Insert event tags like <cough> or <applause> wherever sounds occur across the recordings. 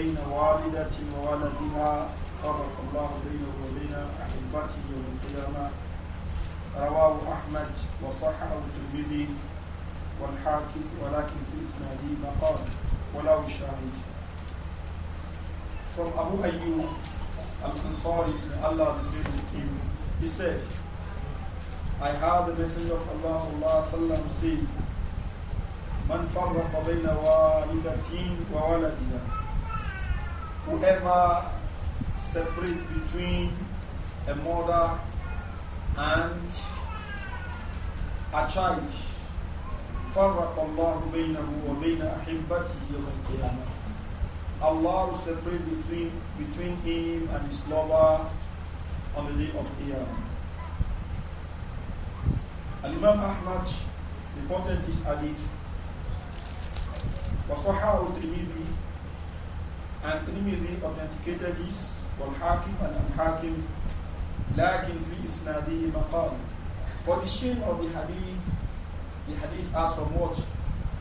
بين والدة وولدها فرق الله بينه وبين أحبته يوم القيامة رواه أحمد وصححه الترمذي والحاكم ولكن في إسناده مقال وله شاهد From Abu Ayyub al-Ansari, Allah be with him, he said, I heard the Messenger of Allah وسلم, say, من فرق بين والدتين وولدها whoever separate between a mother and a child فرق الله بينه وبين أحبته يوم القيامة Allah will separate between, between him and his lover on the day of Qiyamah. Al-Imam Ahmad reported this hadith. وصححه الترمذي and Trimidi authenticated this Hakim and Hakim. لكن في إسناده مقال For the shame of the hadith, the hadith has some what?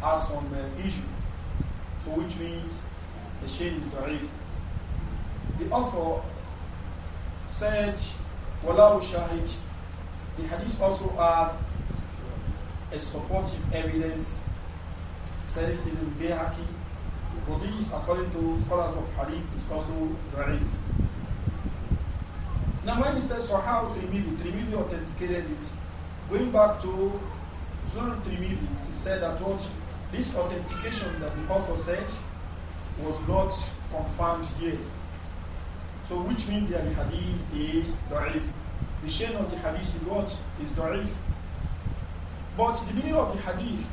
Has some uh, issue. So which means the shame is da'if. The author said, Wallahu shahid. The hadith also has a supportive evidence. Said this is in Bayhaqi for this, according to scholars of hadith, is also da'if. Now when he says how Trimidi, Trimidi authenticated it. Going back to Zul Trimidi, he said that what this authentication that the author said was not confirmed there. So which means that the hadith is da'if. The chain of the hadith is what? Is da'if. But the meaning of the hadith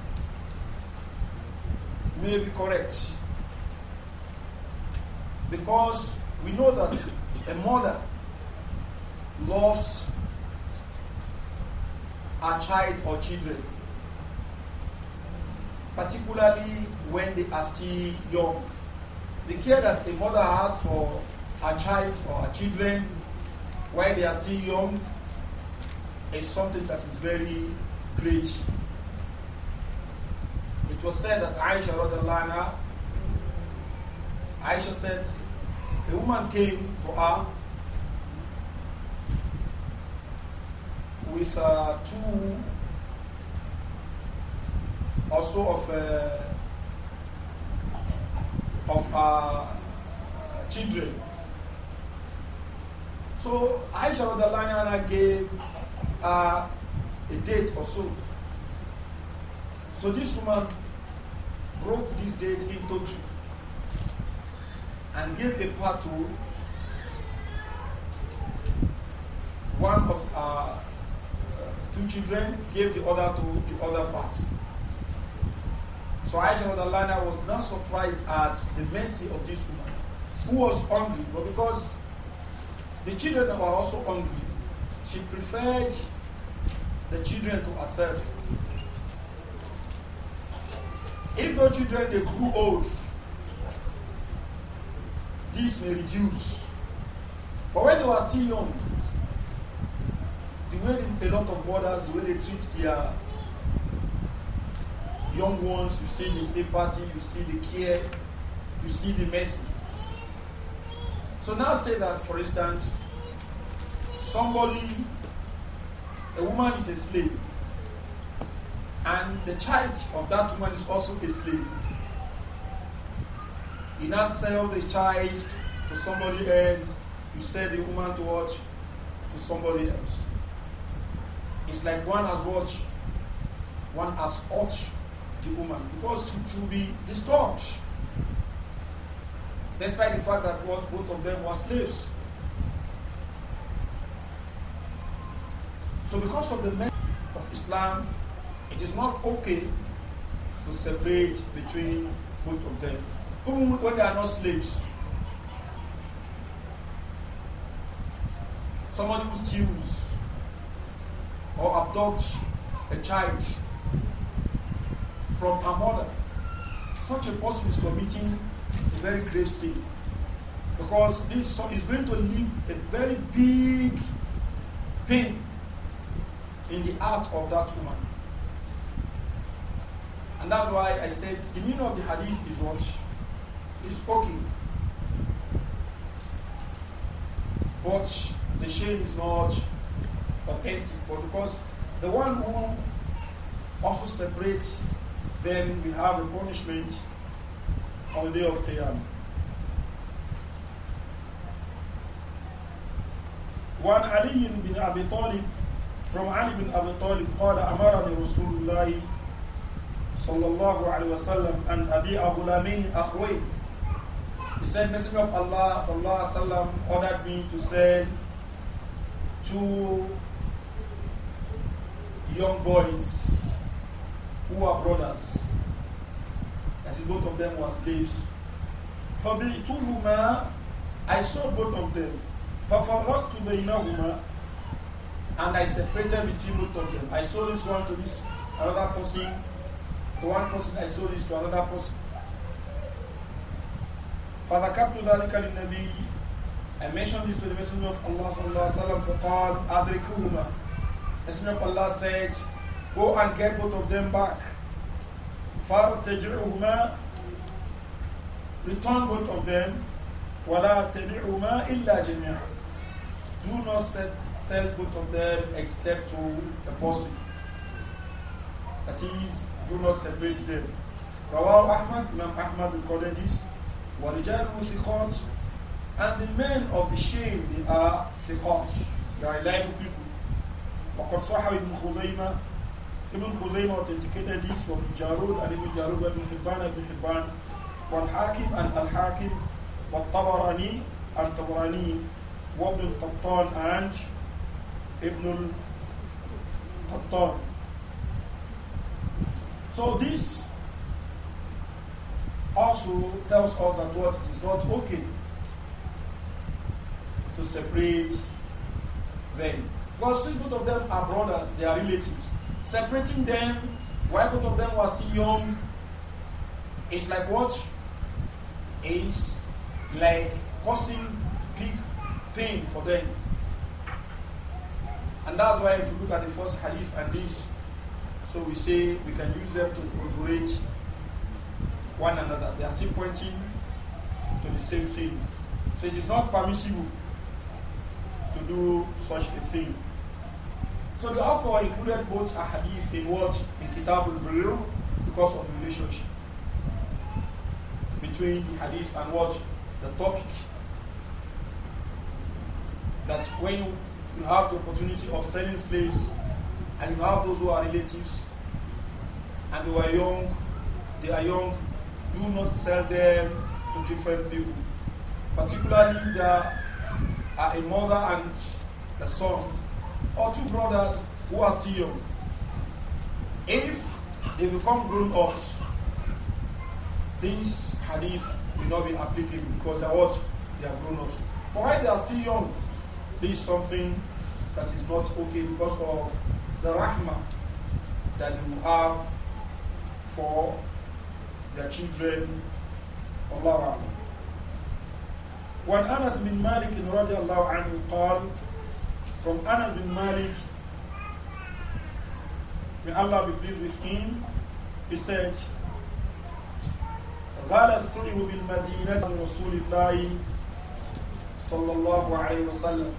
may be correct. Because we know that a mother loves her child or children, particularly when they are still young. The care that a mother has for her child or her children while they are still young is something that is very great. It was said that Aisha anha Aisha said, a woman came to her with uh, two also of uh, of uh, children. So Aisha I gave uh, a date or so. So this woman broke this date into two and gave a part to one of our uh, two children, gave the other to the other part. So Aisha Radalana was not surprised at the mercy of this woman, who was hungry, but because the children were also hungry, she preferred the children to herself. If those children they grew old, this may reduce. But when they were still young, the way they, a lot of mothers, the way they treat their young ones, you see the sympathy, you see the care, you see the mercy. So now say that, for instance, somebody, a woman is a slave, and the child of that woman is also a slave did not sell the child to somebody else. You sell the woman to what? To somebody else. It's like one has what? One has ought the woman because it should be disturbed. Despite the fact that what both of them were slaves. So because of the message of Islam, it is not okay to separate between both of them even when they are not slaves. Somebody who steals or abducts a child from a mother, such a person is committing a very grave sin. Because this son is going to leave a very big pain in the heart of that woman. And that's why I said the meaning of the hadith is what is okay. But the shame is not authentic. But because the one who also separates, then we have a punishment on the day of Qiyamah. وعن علي بن أبي طالب from Ali bin Abi Talib قال أمرني رسول الله صلى الله عليه وسلم أن أبيع غلامين أخوين he said, Messenger of Allah sallallahu sallam, ordered me to send two young boys who are brothers. That is, both of them were slaves. For the two Fabituhuma, I saw both of them. For to Fafarraqtu woman, and I separated between both of them. I saw this one to this another person, to one person I saw this to another person. فذكرت ذلك للنبي I mentioned this to the Messenger of Allah صلى الله عليه وسلم فقال أدركهما Messenger of Allah said go and get both of them back فارتجعهما return both of them ولا تدعهما إلا جميعا do not sell, sell both of them except to the person that is do not separate them رواه أحمد Imam Ahmad recorded this وَرِجَالُهُ ثِقَاتٌ And the men of the shame, they are ثِقَات. They are reliable people. وَقَدْ صَحَ Ibn خُزَيْمَةً Ibn Khuzaym authenticated this from Jarud and Ibn Jarud Ibn and Ibn Hibban والحاكم and الحاكم والطبراني الطبراني وابن القطان and Ibn القطان So this also tells us that what it is not okay to separate them. Because since both of them are brothers, they are relatives, separating them while both of them were still young is like what? It's like causing big pain for them. And that's why if you look at the first hadith and this, so we say we can use them to corroborate one another. They are still pointing to the same thing. So it is not permissible to do such a thing. So the author included both a hadith in what? In Kitab al-Bulur because of the relationship between the hadith and what? The topic. That when you, you have the opportunity of selling slaves and you have those who are relatives and they were young, they are young, do not sell them to different people, particularly if there are a mother and a son, or two brothers who are still young. If they become grown ups, this hadith will not be applicable because they are what? They are grown ups. But while they are still young, this is something that is not okay because of the rahmah that you have for their children. Allah وعن أنس بن مالك رضي الله anhu قال from Anas bin Malik may Allah be pleased with him he said غال الصلح بالمدينة عن رسول الله صلى الله عليه وسلم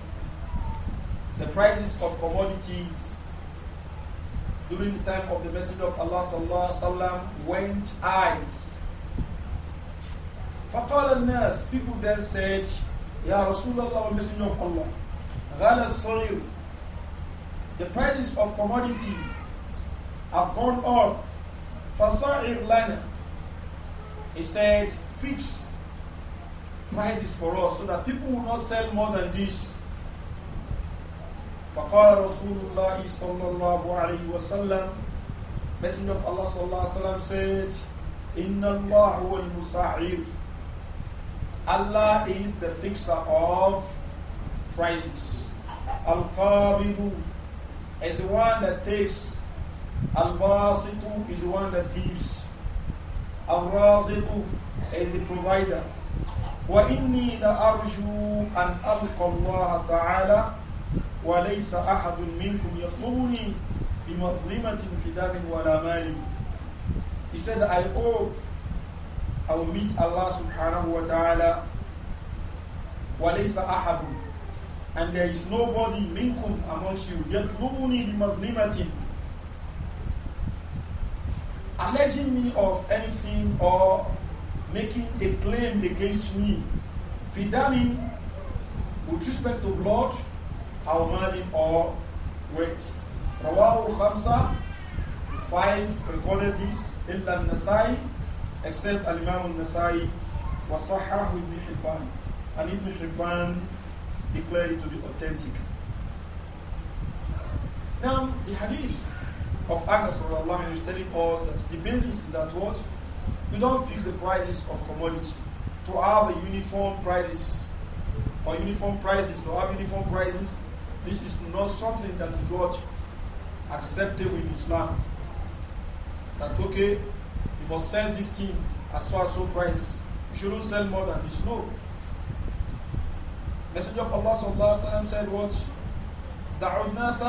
the prices of commodities during the time of the Messenger of Allah sallallahu alaihi wasallam went I. فقال الناس people then said يا رسول الله Messenger of Allah for الصغير the prices of commodity have gone up فصاعر لنا he said fix prices for us so that people will not sell more than this فقال رسول الله صلى الله عليه وسلم Messenger of Allah صلى الله عليه وسلم said إن الله هو المساعد Allah is the fixer of prices Al-Qabidu is the one that takes Al-Basitu is the one that gives Al-Raziqu is the provider وإني لأرجو أن ألقى الله تعالى وليس أحد منكم يطلبني بمظلمة في دم ولا مال He said, I hope I will meet Allah subhanahu wa ta'ala وليس أحد and there is nobody minkum amongst you يطلبني بمظلمة alleging me of anything or making a claim against me. Fidamin, with respect to blood, أو مال or weight رواه الخمسة five recorded this إلا Nasai, except الإمام النسائي وصححه ابن حبان and Ibn Hibban declared it to be authentic now the hadith of Anas is telling us that the basis is that what you don't fix the prices of commodity to have a uniform prices or uniform prices to have uniform prices this is not something that is what accepted in Islam. That okay, you must sell this thing at so and so price. You shouldn't sell more than this. No. Messenger of Allah sallallahu alaihi wasallam said what? دعوا الناس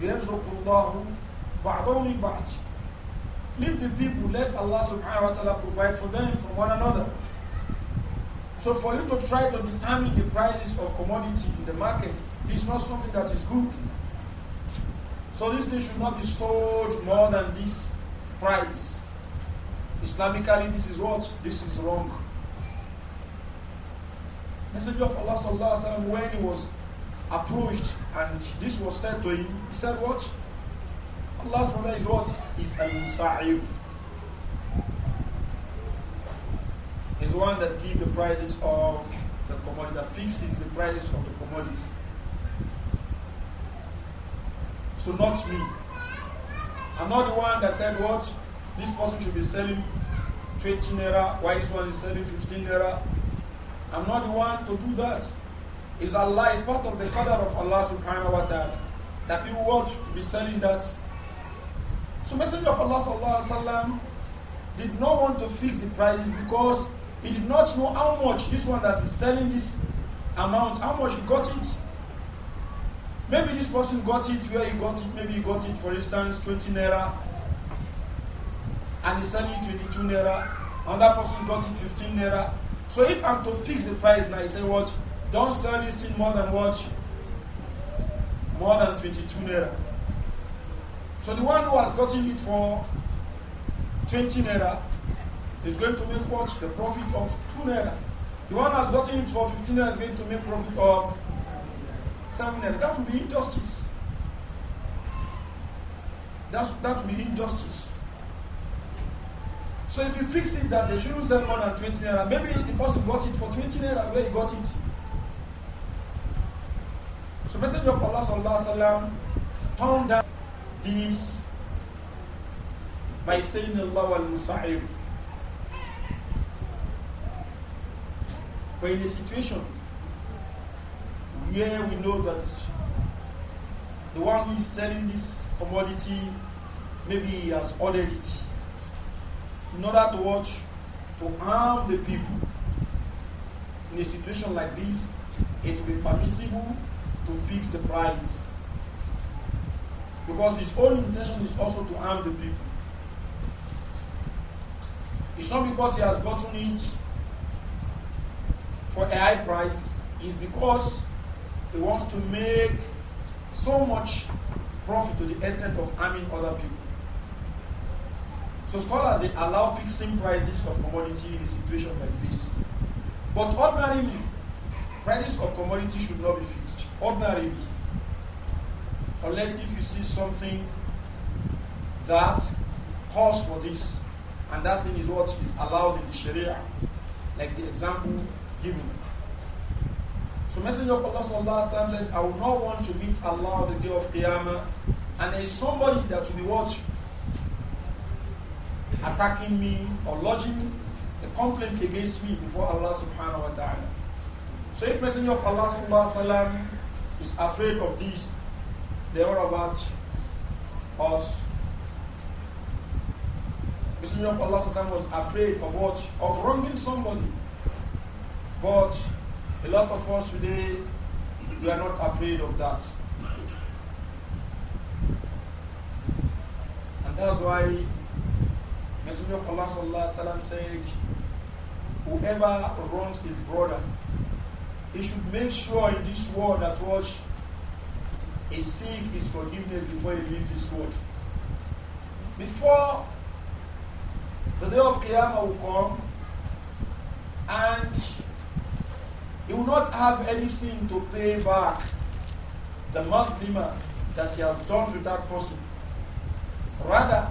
يرزق الله بعضهم Leave the people, let Allah subhanahu wa ta'ala provide for them from one another. So for you to try to determine the prices of commodity in the market it's not something that is good. So this thing should not be sold more than this price. Islamically, this is what? This is wrong. Messenger of Allah sallallahu alaihi wasallam, when he was approached and this was said to him, he said what? Allah's mother is what? Is al-musa'ib. Is one that gives the prices of the commodity, that fixes the prices of the commodity. So not me. I'm not the one that said what this person should be selling 20 naira, why this one is selling 15 naira. I'm not the one to do that. It's Allah, it's part of the qadr of Allah subhanahu wa ta'ala that people want be selling that. So Messenger of Allah sallallahu alaihi wasallam did not want to fix the prices because he did not know how much this one that is selling this amount, how much he got it. Maybe this person got it where he got it, maybe he got it, for instance, 20 naira, and he's selling it 22 naira. Another person got it 15 naira. So if I'm to fix the price now, I say, what? Don't sell this thing more than what? More than 22 naira. So the one who has gotten it for 20 naira is going to make what? The profit of 2 naira. The one who has gotten it for 15 naira is going to make profit of 700. That would be injustice. That's, that would be injustice. So if you fix it that they shouldn't sell more than 20 naira, maybe the person got it for 20 naira where he got it. So Messenger of Allah sallallahu alaihi wasallam turned down this by saying Allah al Musa'ib. But in a situation where we know that the one who is selling this commodity, maybe he has ordered it in order to watch, to harm the people. In a situation like this, it will be permissible to fix the price because his own intention is also to harm the people. It's not because he has gotten it for a high price, it's because he wants to make so much profit to the extent of harming other people. So scholars they allow fixing prices of commodity in a situation like this. But ordinarily, prices of commodity should not be fixed. Ordinarily. Unless if you see something that calls for this, and that thing is what is allowed in the Sharia, like the example given. So Messenger of Allah sallallahu alayhi wa said, I will not want to meet Allah the day of Qiyamah. And there is somebody that will be watching, attacking me or lodging a complaint against me before Allah subhanahu wa ta'ala. So if Messenger of Allah sallallahu alayhi wa is afraid of this, they are about us. Messenger of Allah was afraid of what? Of wronging somebody. But a lot of us today, we are not afraid of that. And that's why Messenger of Allah sallallahu sallam, said, whoever wrongs his brother, he should make sure in this world that what he seek his forgiveness before he leaves this world. Before the day of Qiyamah will come, and he will not have anything to pay back the muslima that he has done to that person. Rather,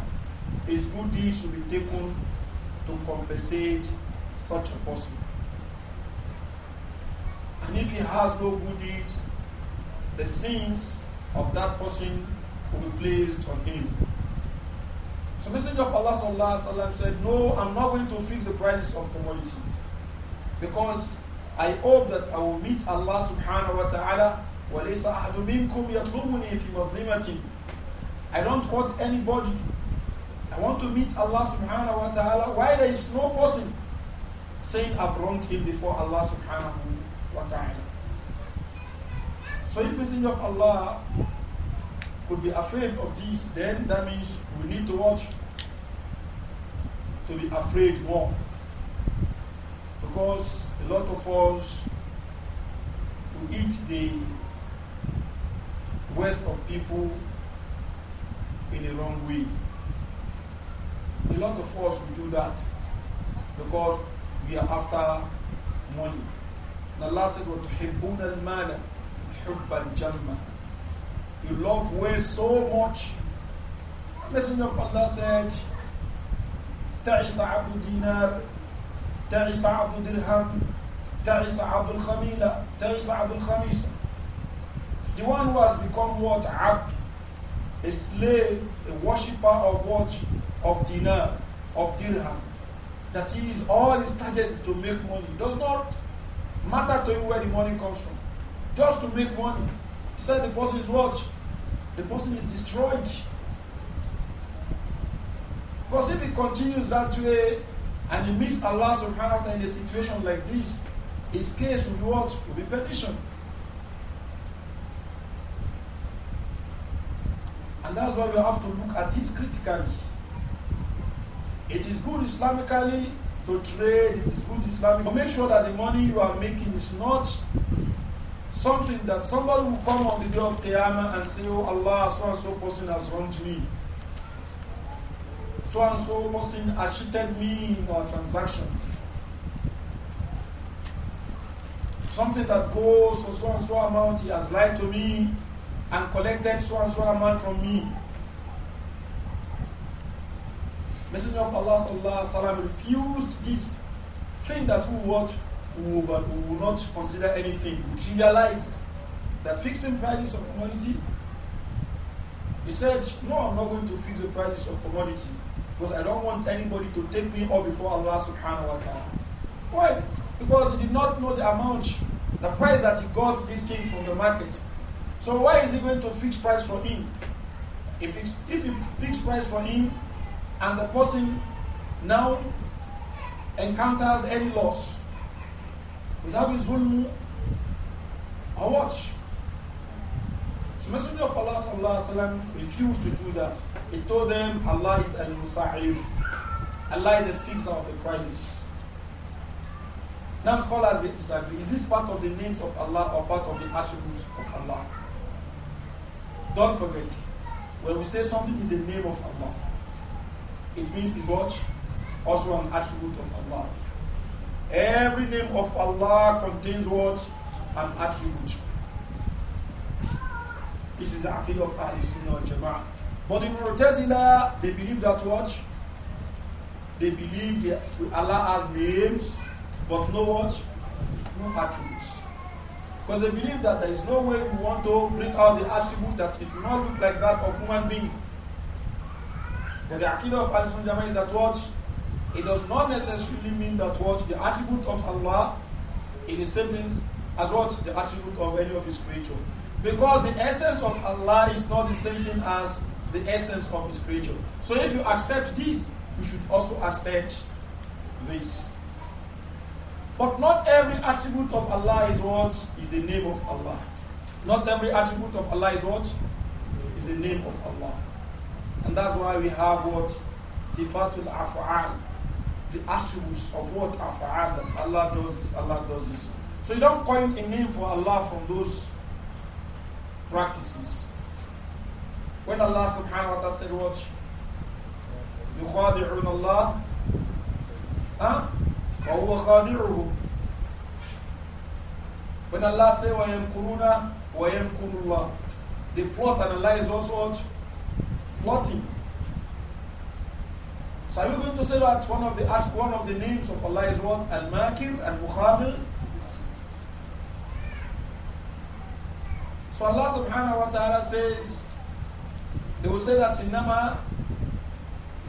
his good deeds should be taken to compensate such a person. And if he has no good deeds, the sins of that person will be placed on him. So Messenger of Allah said, No, I'm not going to fix the price of commodity. Because I hope that I will meet Allah subhanahu wa ta'ala. وَلَيْسَ أَحَدُ مِنْكُمْ يَطْلُبُنِي فِي مَظْلِمَةٍ I don't want anybody. I want to meet Allah subhanahu wa ta'ala. Why there is no person saying I've wronged him before Allah subhanahu wa ta'ala. So if Messenger of Allah could be afraid of this, then that means we need to watch to be afraid more. Because a lot of us we eat the wealth of people in the wrong way. A lot of us we do that because we are after money. And Allah said, al mala, حُبًّا jamma. You love wealth so much. The Messenger of Allah said, تَعِسَ عَبْدُ دِينَارٍ تعس عبد dirham, تعس عبد الخميلة تعس عبد الخميسة the one who has become what abd a slave a worshipper of what of dinar of dirham that he is all his target is to make money it does not matter to him where the money comes from just to make money he said the person is what the person is destroyed because if he continues that way and he meets Allah subhanahu wa ta'ala in a situation like this, his case will be what? Will be perdition. And that's why we have to look at this critically. It is good Islamically to trade, it is good Islamic, but make sure that the money you are making is not something that somebody will come on the day of Qiyamah and say, Oh Allah, so and so person has wronged me so and so person has cheated me in our transaction. Something that goes for so and so amount, he has lied to me and collected so and so amount from me. Messenger of Allah sallallahu sallam, refused this thing that we watch, we will not consider anything. We trivialize that fixing prices of commodity. He said, No, I'm not going to fix the prices of commodity. Because I don't want anybody to take me up before Allah subhanahu wa ta'ala. Why? Because he did not know the amount, the price that he got this thing from the market. So why is he going to fix price for him? If, it's, if he fix price for him and the person now encounters any loss without his zulmu or what? The Messenger of Allah وسلم, refused to do that. He told them, Allah is al musa'id. Allah is the fixer of the crisis." Now scholars disagree. Is this part of the names of Allah or part of the attributes of Allah? Don't forget, when we say something is a name of Allah, it means it's what? Also an attribute of Allah. Every name of Allah contains what? An attribute. This is the Aqidah of Ahl Sunnah al Jama'ah. But the Mu'tazila, they believe that what? They believe that Allah has names, but no what? No attributes. Because they believe that there is no way we want to bring out the attribute that it will not look like that of human being. But the Aqidah of Ahl Sunnah al Jama'ah is that what? It does not necessarily mean that what? The attribute of Allah is the same thing as what? The attribute of any of His creatures. Because the essence of Allah is not the same thing as the essence of His creature. So if you accept this, you should also accept this. But not every attribute of Allah is what? Is the name of Allah. Not every attribute of Allah is what? Is the name of Allah. And that's why we have what? Sifatul Afa'al. The attributes of what Afa'al. Allah does this, Allah does this. So you don't coin a name for Allah from those practices. When Allah subhanahu wa ta'ala said what? يخادعون الله ها وهو خادعهم when Allah say وَيَمْكُرُونَ وَيَمْكُرُ اللَّهِ The plot and Allah is also plotting so are you going to say that one of the one of the names of Allah is what al-makir al-mukhadir So Allah subhanahu wa ta'ala says, they will say that Nama,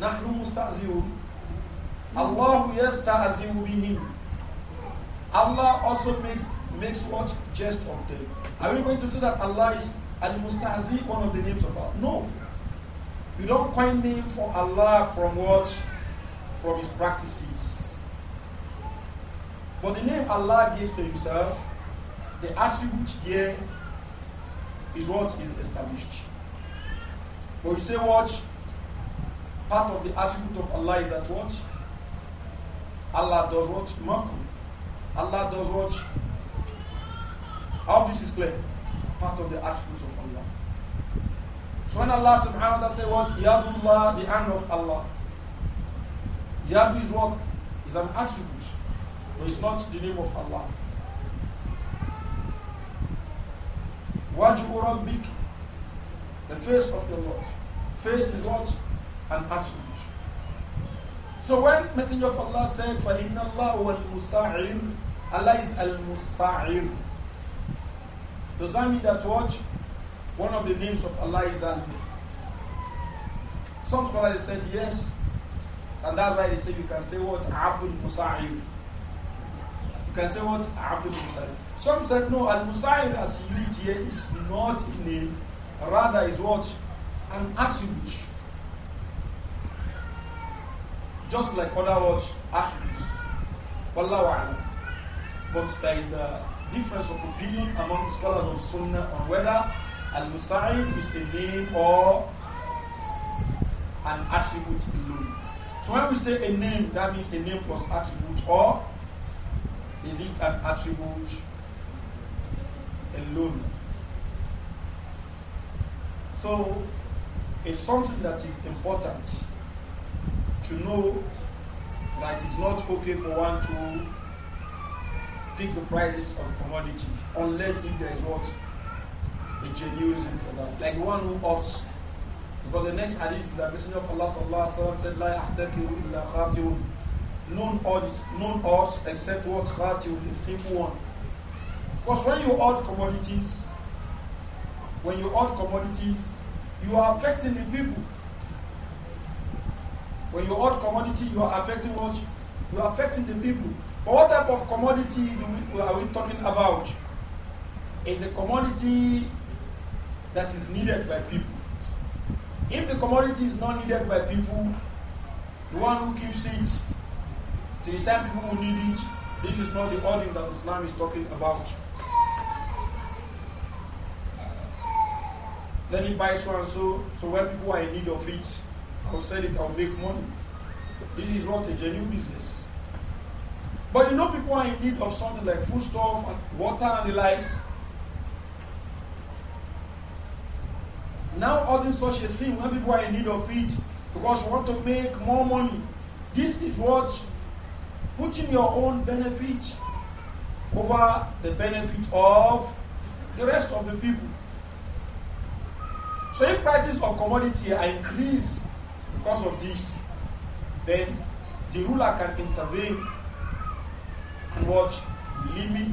nahnu musta'zirun. Allah will be him. Allah also makes makes what jest of them. Are we going to say that Allah is al Musta'zi one of the names of Allah? No. You don't coin name for Allah from what? From his practices. But the name Allah gives to himself, the attribute there is what is established. But you say what? Part of the attribute of Allah is that what? Allah does what? Makum. Allah does what? How this is clear? Part of the attributes of Allah. So when Allah subhanahu wa ta'ala say what? Yadullah, the hand of Allah. Yadu is what? Is an attribute. But it's not the name of Allah. Wajhu Rabbik, the face of the Lord. Face is what? An attribute. So when Messenger of Allah said, فَإِنَّ اللَّهُ وَالْمُسَاعِرُ Allah is Al-Musa'ir. Does that mean that what? One of the names of Allah is al Some scholars said yes, and that's why they say you can say what? Abdul Musa'ir. You can say what? Abdul Musa'ir. Some said no, Al Musa'id as used here is not a name, rather is what? An attribute. Just like other words, attributes. Wallahu But there is a difference of opinion among scholars of Sunnah on whether Al Musa'id is a name or an attribute alone. So when we say a name, that means a name plus attribute, or is it an attribute alone. So it's something that is important to know that it's not okay for one to fix the prices of commodity unless if there is what a genuine reason for that. Like the one who opts because the next hadith is the Messenger of Allah sallallahu alaihi wasallam said, "La yahtakiru illa khatiun." None odds, none odds except what khatiun, the simple one. Because when you hold commodities, when you own commodities, you are affecting the people. When you hold commodity, you are affecting what? You are affecting the people. But what type of commodity we, are we talking about? Is a commodity that is needed by people. If the commodity is not needed by people, the one who keeps it, till the time people will need it, this is not the order that Islam is talking about. Let me buy so and so, so when people are in need of it, I'll sell it, I'll make money. This is not a genuine business. But you know, people are in need of something like foodstuff and water and the likes. Now ordering such a thing when people are in need of it because you want to make more money. This is what putting your own benefit over the benefit of the rest of the people. So if prices of commodity are increased because of this, then the ruler can intervene and what limit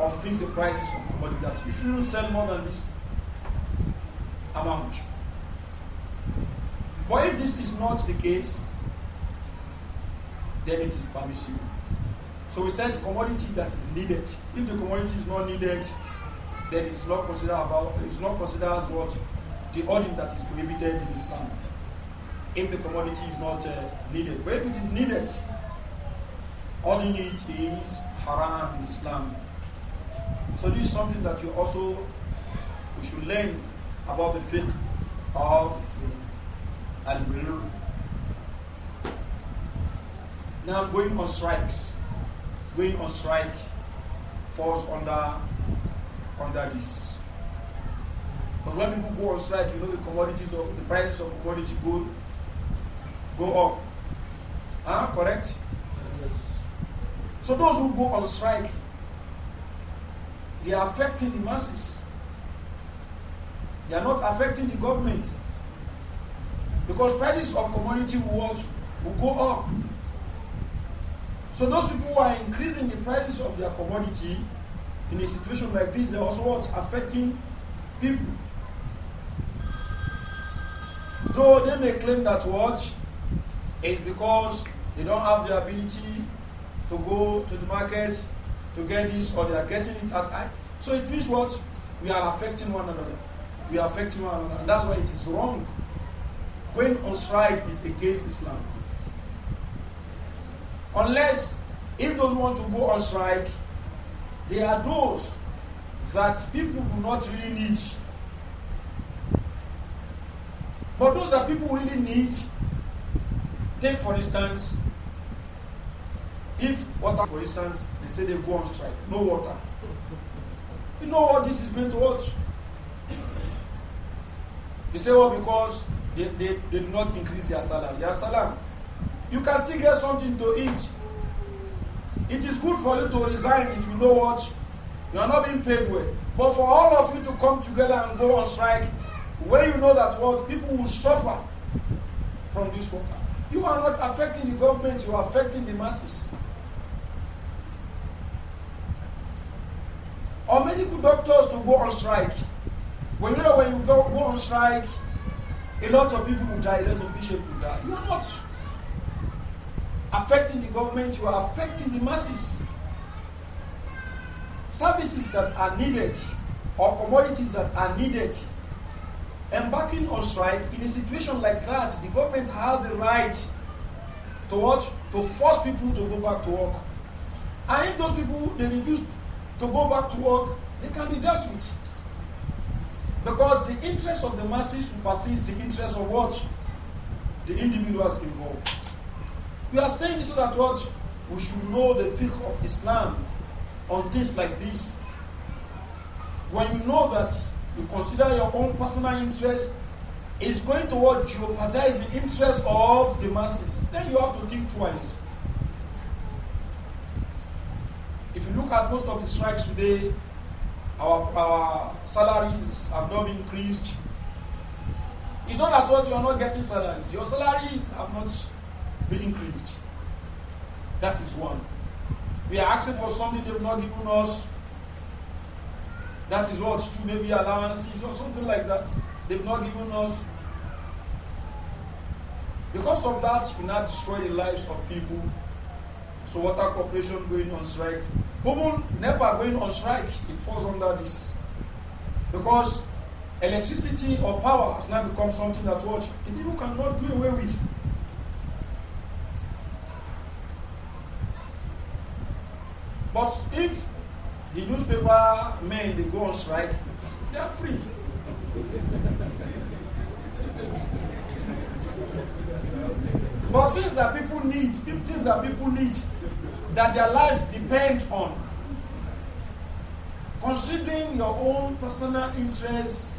or fix the prices of commodity that you shouldn't sell more than this amount. But if this is not the case, then it is permissible. So we said commodity that is needed. If the commodity is not needed, then it's not considered about it's not considered as what the ordering that is prohibited in Islam if the commodity is not uh, needed. But if it is needed, ordering it is haram in Islam. So this is something that you also we should learn about the fiqh of Al-Bir. Now going on strikes. Going on strike falls under under this. But when people go on strike, you know the commodities or the prices of commodity go go up. Huh? Correct? Yes. So those who go on strike, they are affecting the masses. They are not affecting the government. Because prices of commodity will, will go up. So those people who are increasing the prices of their commodity in a situation like this, they are also what affecting people. Though they may claim that what is because they don't have the ability to go to the market to get this or they are getting it at high. So it means what? We are affecting one another. We are affecting one another. And that's why it is wrong. Going on strike is against Islam. Unless, if those want to go on strike, they are those that people do not really need but those are people who really need. Take, for instance, if water, for instance, they say they go on strike, no water. You know what this is going to what? They say, well, because they, they, they do not increase their salary. Their salary. You can still get something to eat. It is good for you to resign if you know what? You are not being paid well. But for all of you to come together and go on strike, where you know that what people will suffer from this water. You are not affecting the government, you are affecting the masses. Or medical doctors to go on strike. When you know when you go, go on strike, a lot of people will die, a lot of bishops will die. You are not affecting the government, you are affecting the masses. Services that are needed or commodities that are needed embarking on strike, in a situation like that, the government has the right to what? To force people to go back to work. And if those people they refuse to go back to work, they can be dealt with. Because the interest of the masses supersedes the interest of what? The individuals involved. We are saying this so that what? We should know the fiqh of Islam on things like this. When you know that you consider your own personal interest is going to what jeopardize the interest of the masses, then you have to think twice. If you look at most of the strikes today, our, our salaries have not been increased. It's not that what you are not getting salaries. Your salaries have not been increased. That is one. We are asking for something they've not given us. That is what, two maybe allowances or something like that. They've not given us. Because of that, we now destroy the lives of people. So water corporation going on strike. Even NEPA going on strike, it falls under this. Because electricity or power has now become something that what people cannot do away with. But if the newspaper men, they go on strike, they are free. but things that people need, things that people need, that their lives depend on, considering your own personal interests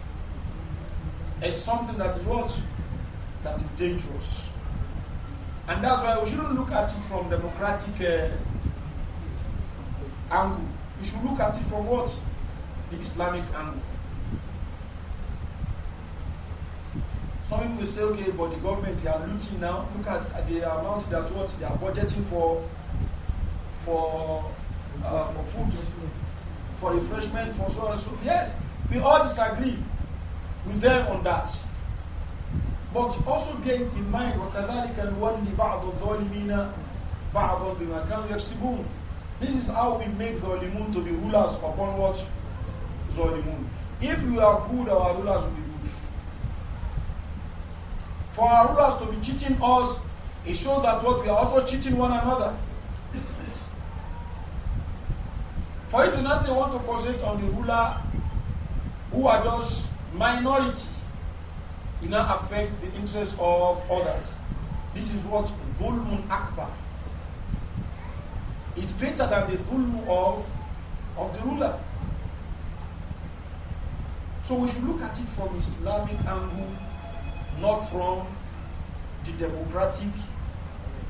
is something that is what? That is dangerous. And that's why we shouldn't look at it from democratic uh, angle. You should look at it from what? The Islamic angle. Some people will say, okay, but the government they are looting now. Look at the amount that what they are budgeting for for uh, for food, for refreshment, for so and so. Yes, we all disagree with them on that. But also get in mind, وَكَذَلِكَ نُوَلِّ بَعْضُ الظَّالِمِينَ بَعْضًا بِمَا كَانُوا يَكْسِبُونَ this is how we make the Olimun to be rulers upon what? Olimun. If we are good, our rulers will be good. For our rulers to be cheating us, it shows that what we are also cheating one another. For you to not say want to concentrate on the ruler who are just minority, do not affect the interests of others. This is what Volmun Akbar is greater than the value of, of the ruler. So we should look at it from Islamic angle, not from the democratic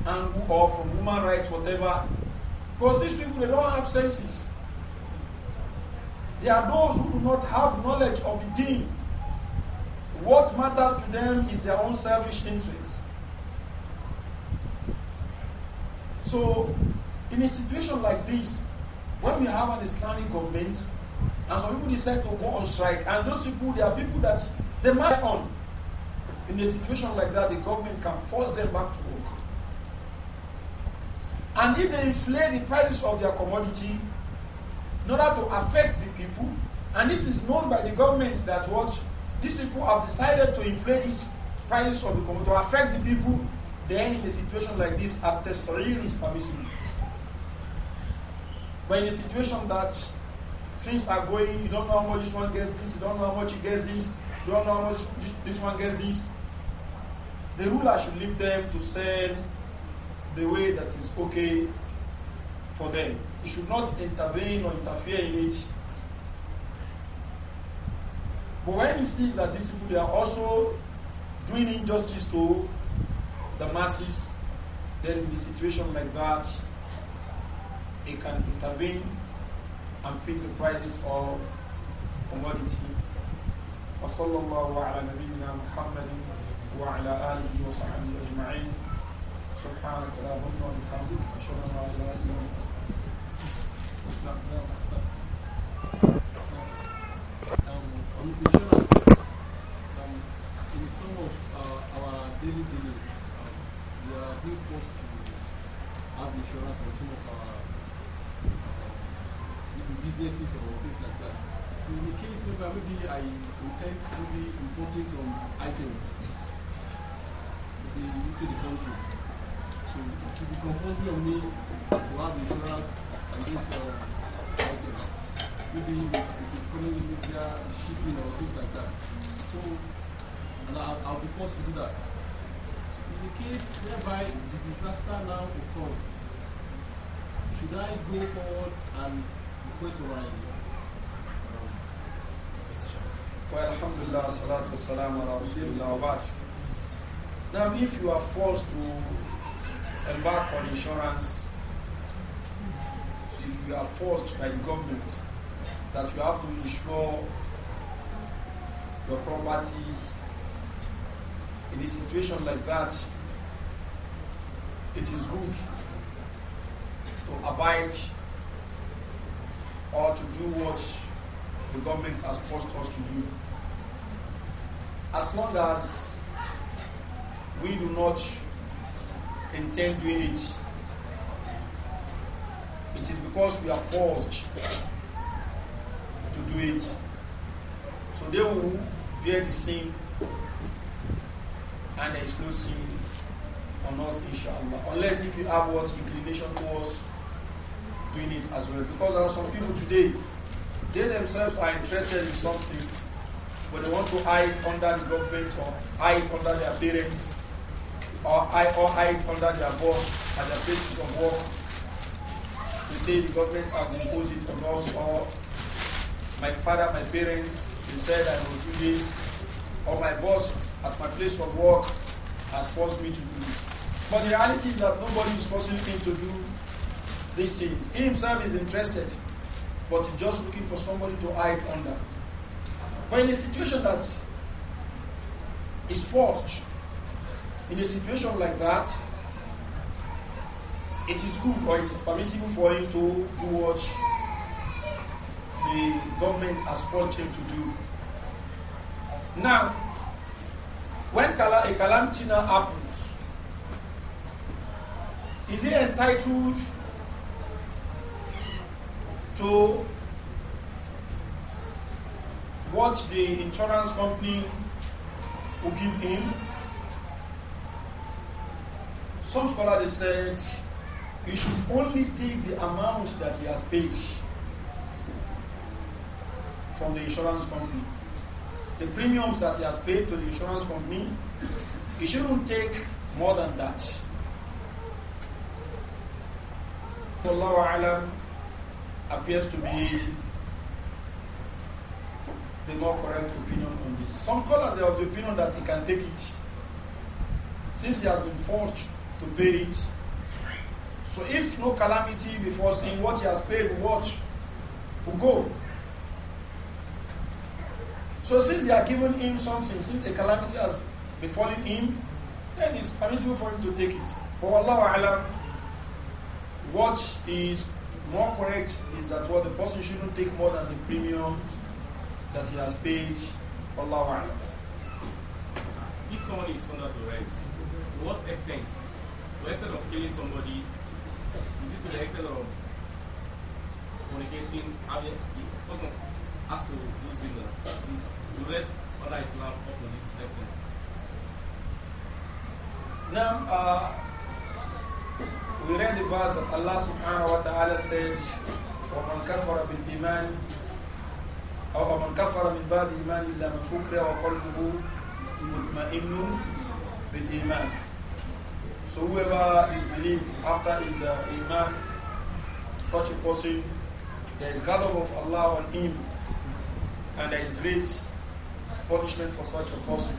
angle or from human rights, whatever. Because these people, they don't have senses. They are those who do not have knowledge of the deen. What matters to them is their own selfish interest. So in a situation like this, when we have an Islamic government, and some people decide to go on strike, and those people, there are people that they might on. In a situation like that, the government can force them back to work. And if they inflate the prices of their commodity in order to affect the people, and this is known by the government that what these people have decided to inflate the prices of the commodity to affect the people, then in a situation like this, abtesrir is permissible. But in a situation that things are going, you don't know how much this one gets this, you don't know how much he gets this, you don't know how much this, this one gets this, the ruler should leave them to sell the way that is okay for them. He should not intervene or interfere in it. But when he sees that these people they are also doing injustice to the masses, then in a situation like that, it can intervene and fix the prices of commodity. وصلى الله على نبينا محمد وعلى آله وصحبه أجمعين سبحانك اللهم وبحمدك أشهد أن لا إله إلا أنت have insurance on some of our businesses or things like that. In the case where maybe I intend maybe importing some items maybe into the country, so it will be compulsory on me to have insurance on this uh, item. Maybe it will come shipping or things like that. So and I'll, I'll be forced to do that. So in the case whereby the disaster now occurs, should I go forward and request ride? Well, alhamdulillah, salatu wassalam ala wa Now, if you are forced to embark on insurance, so if you are forced by the government that you have to insure your property in a situation like that, it is good to abide or to do what the government has forced us to do. As long as we do not intend doing it, it is because we are forced to do it. So they will bear the sin, and there is no sin on us, inshallah. Unless if you have what inclination towards doing it as well. Because there are some people today, they themselves are interested in something, but they want to hide under the government or hide under their parents or hide, or hide under their boss at their places of work. To say the government has imposed it on us or my father, my parents, they said I will do this, or my boss at my place of work has forced me to do this. But the reality is that nobody is forcing me to do these things. He himself is interested, but he's just looking for somebody to hide under. But in a situation that is forced, in a situation like that, it is good or it is permissible for him to do what the government has forced him to do. Now, when a calamity now happens, is he entitled to what the insurance company will give him. Some scholars they said he should only take the amount that he has paid from the insurance company. The premiums that he has paid to the insurance company, he shouldn't take more than that. Wallahu appears to be the more correct opinion on this. Some scholars are of the opinion that he can take it since he has been forced to pay it. So if no calamity befalls him, what he has paid what will go. So since they are giving him something, since a calamity has befallen him, then it's permissible for him to take it. But Allah what is more correct is that what the person shouldn't take more than the premium that he has paid. Allah If someone is under duress, to what extent? To the extent of killing somebody, is it to the extent of communicating having, focus has to do zina? Is rest under Islam up to this extent? Now, uh, we read the verse that Allah subhanahu wa ta'ala says, وَمَنْ كَفَرَ بِالْإِيمَانِ أو ومن كفر من بعد إيمان إلا من كفر وقلبه مطمئن بالإيمان So whoever is believed after his uh, iman, such a person, there is gallop of Allah on him, and there is great punishment for such a person.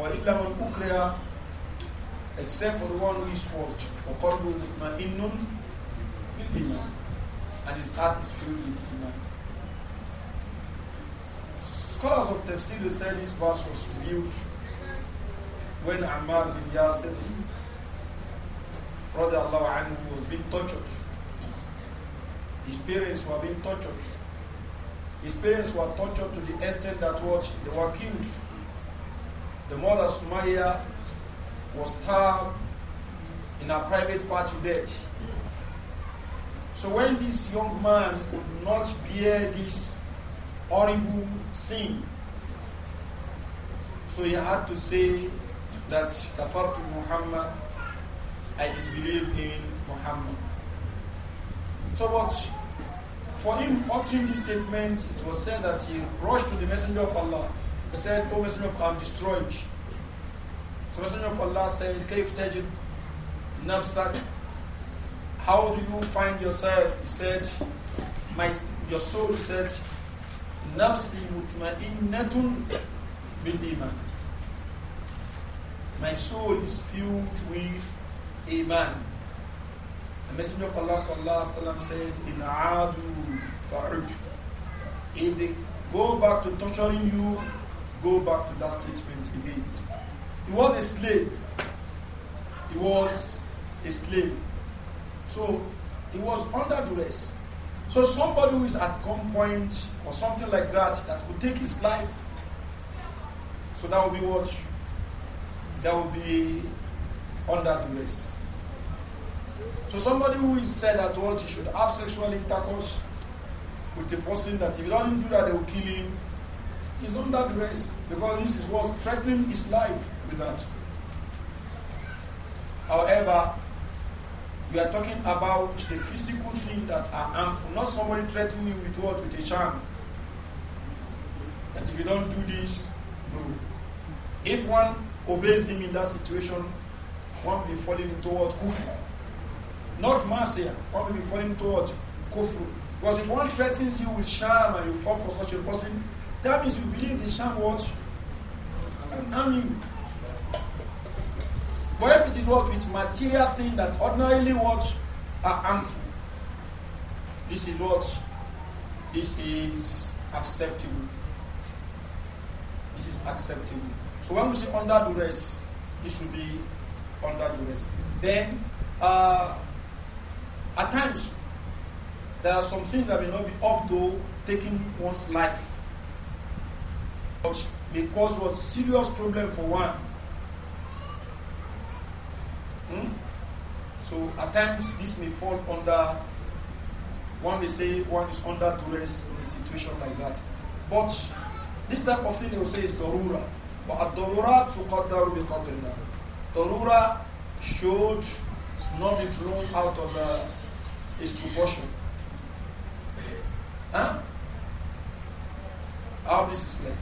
وإلا من أكره except for the one who is forged. And his heart is filled with iman. Scholars of Tafsir said this verse was revealed when Ammar bin Yasir anhu, was being tortured. His parents were being tortured. His parents were tortured to the extent that what they were killed. The mother Sumaya was stabbed in a private party death. So when this young man could not bear this horrible sin, so he had to say that Kafartu Muhammad, I disbelieve in Muhammad. So much for him uttering this statement, it was said that he rushed to the messenger of Allah. He said, O messenger of Allah, I'm destroyed. So Messenger of Allah said, Kaif tajid nafsak? How do you find yourself? He said, My, your soul said, نفسي مطمئنة بالإيمان. My soul is filled with Iman. The Messenger of Allah said, "In adu faruj. If they go back to torturing you, go back to that statement again. He was a slave. He was a slave. So he was under duress. So somebody who is at gunpoint or something like that that could take his life. So that would be what? That would be under duress. So somebody who is said at what he should have sexual intercourse with a person that if he doesn't do that they will kill him is under duress because this is what threatening his life with that. However, we are talking about the physical thing that are harmful, not somebody threatening you with what with a charm. That if you don't do this, no. If one obeys him in that situation, one will be falling towards kufr. Not masiyah, one will be falling towards kufr. Because if one threatens you with sham and you fall for such a person, that means you believe the sham what and harm you. But if it is what with material thing that ordinarily what are harmful, this is what this is acceptable. This is acceptable. So when we say under duress, this should be under duress. Then uh, at times there are some things that may not be up to taking one's life. But may cause what serious problem for one Hmm? So at times this may fall under, one may say one is under duress in a situation like that. But this type of thing they will say is darura. وَالضَّرُورَةُ تُقَدَّرُ بِقَدْرِهَا Darura should not be blown out of uh, its proportion. Huh? How this is clear.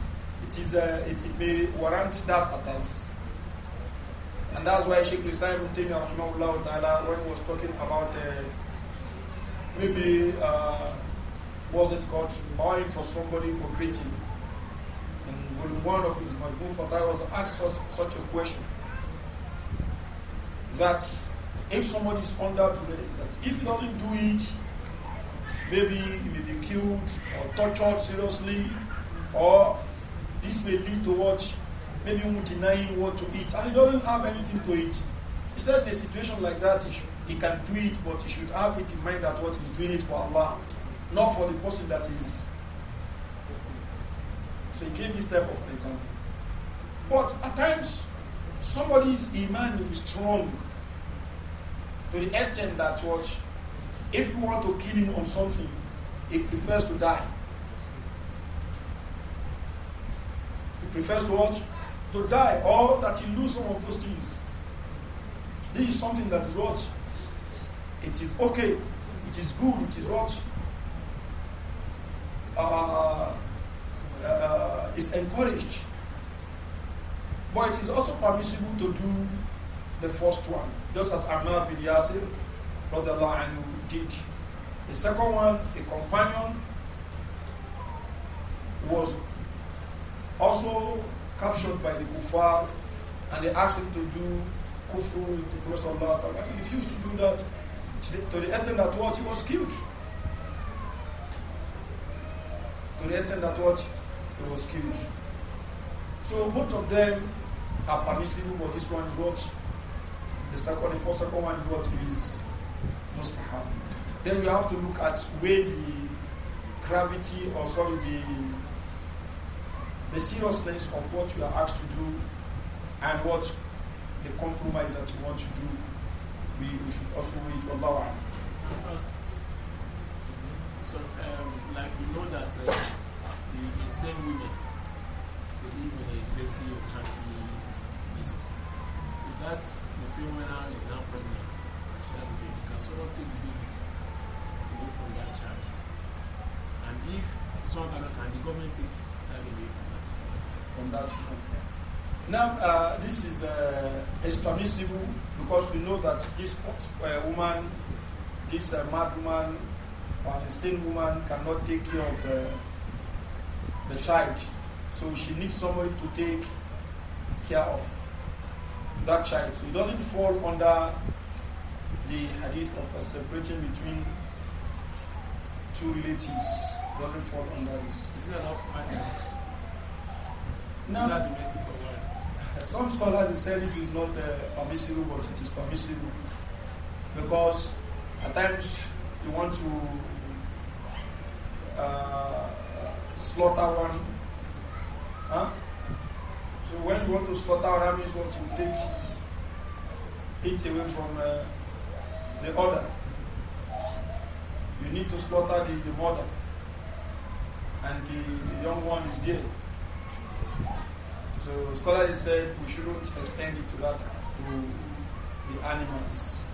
It, is, uh, it, it may warrant that at times. And that's why Sheikh Islam ibn Taymiyyah rahmahullah ta'ala, when he was talking about uh, maybe, uh, was it called, buying for somebody for greeting. and volume 1 of his Majmu Fatah was asked us such a question that if somebody is under today, that if he doesn't do it, maybe he may be killed or tortured seriously, or this may lead to what maybe we deny him what to eat, and he doesn't have anything to eat. He said in a situation like that, he, should, he can do it, but he should have it in mind that what he's doing it for Allah, not for the person that is. So he gave this type of an example. But at times, somebody's iman will be strong to the extent that what, if you want to kill him on something, he prefers to die. He prefers to what? to die or that you lose some of those things. This is something that is what? It is okay. It is good. It is what? Uh, uh, uh is encouraged. But it is also permissible to do the first one, just as Ahmad bin Yasir anhu, did. The second one, a companion, was also captured by the kuffar and they asked him to do kufru with the Prophet Sallallahu and he refused to do that to the, to the extent that what he was killed. To the extent that what he was killed. So both of them are permissible, but this one is what the second, the first second one is what is mustahab. Then we have to look at where the gravity or sorry the the seriousness of what you are asked to do and what the compromise that you want to do, we, we should also wait Allah. So, um, like we know that uh, the same women, they live in a dirty or chanty places. If that the same woman is now pregnant and she has a baby, can someone take the baby away from that child? And if someone cannot, can the government take that away from from that. Now, uh, this is uh, expermissible because we know that this uh, woman, this uh, mad woman, or uh, the same woman cannot take care of the, uh, the child. So she needs somebody to take care of that child. So it doesn't fall under the hadith of uh, separating between two relatives. It doesn't fall under this. Is it enough no. domestic or Some scholars say this is not uh, permissible, but it is permissible because at times you want to uh, slaughter one. Huh? So when you want to slaughter one, that means what you take it away from uh, the other. You need to slaughter the, the mother, and the, the young one is there. So scholars said we shouldn't extend it to that to the animals.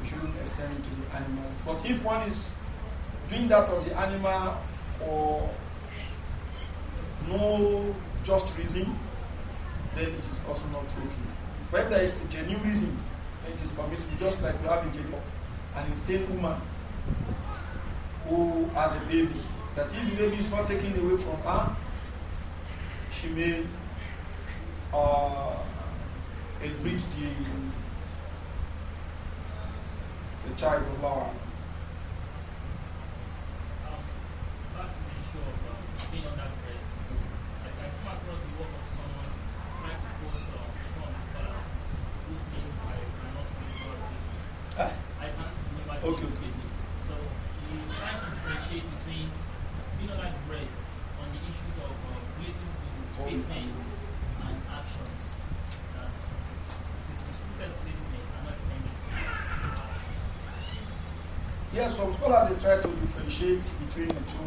We shouldn't extend it to the animals. But if one is doing that of the animal for no just reason, then it is also not okay. But if there is a genuine reason, it is permissible, just like we have in Jacob, an insane woman who has a baby, that if the baby is not taken away from her, she may uh, admit the, the child of Allah. differentiate between the two.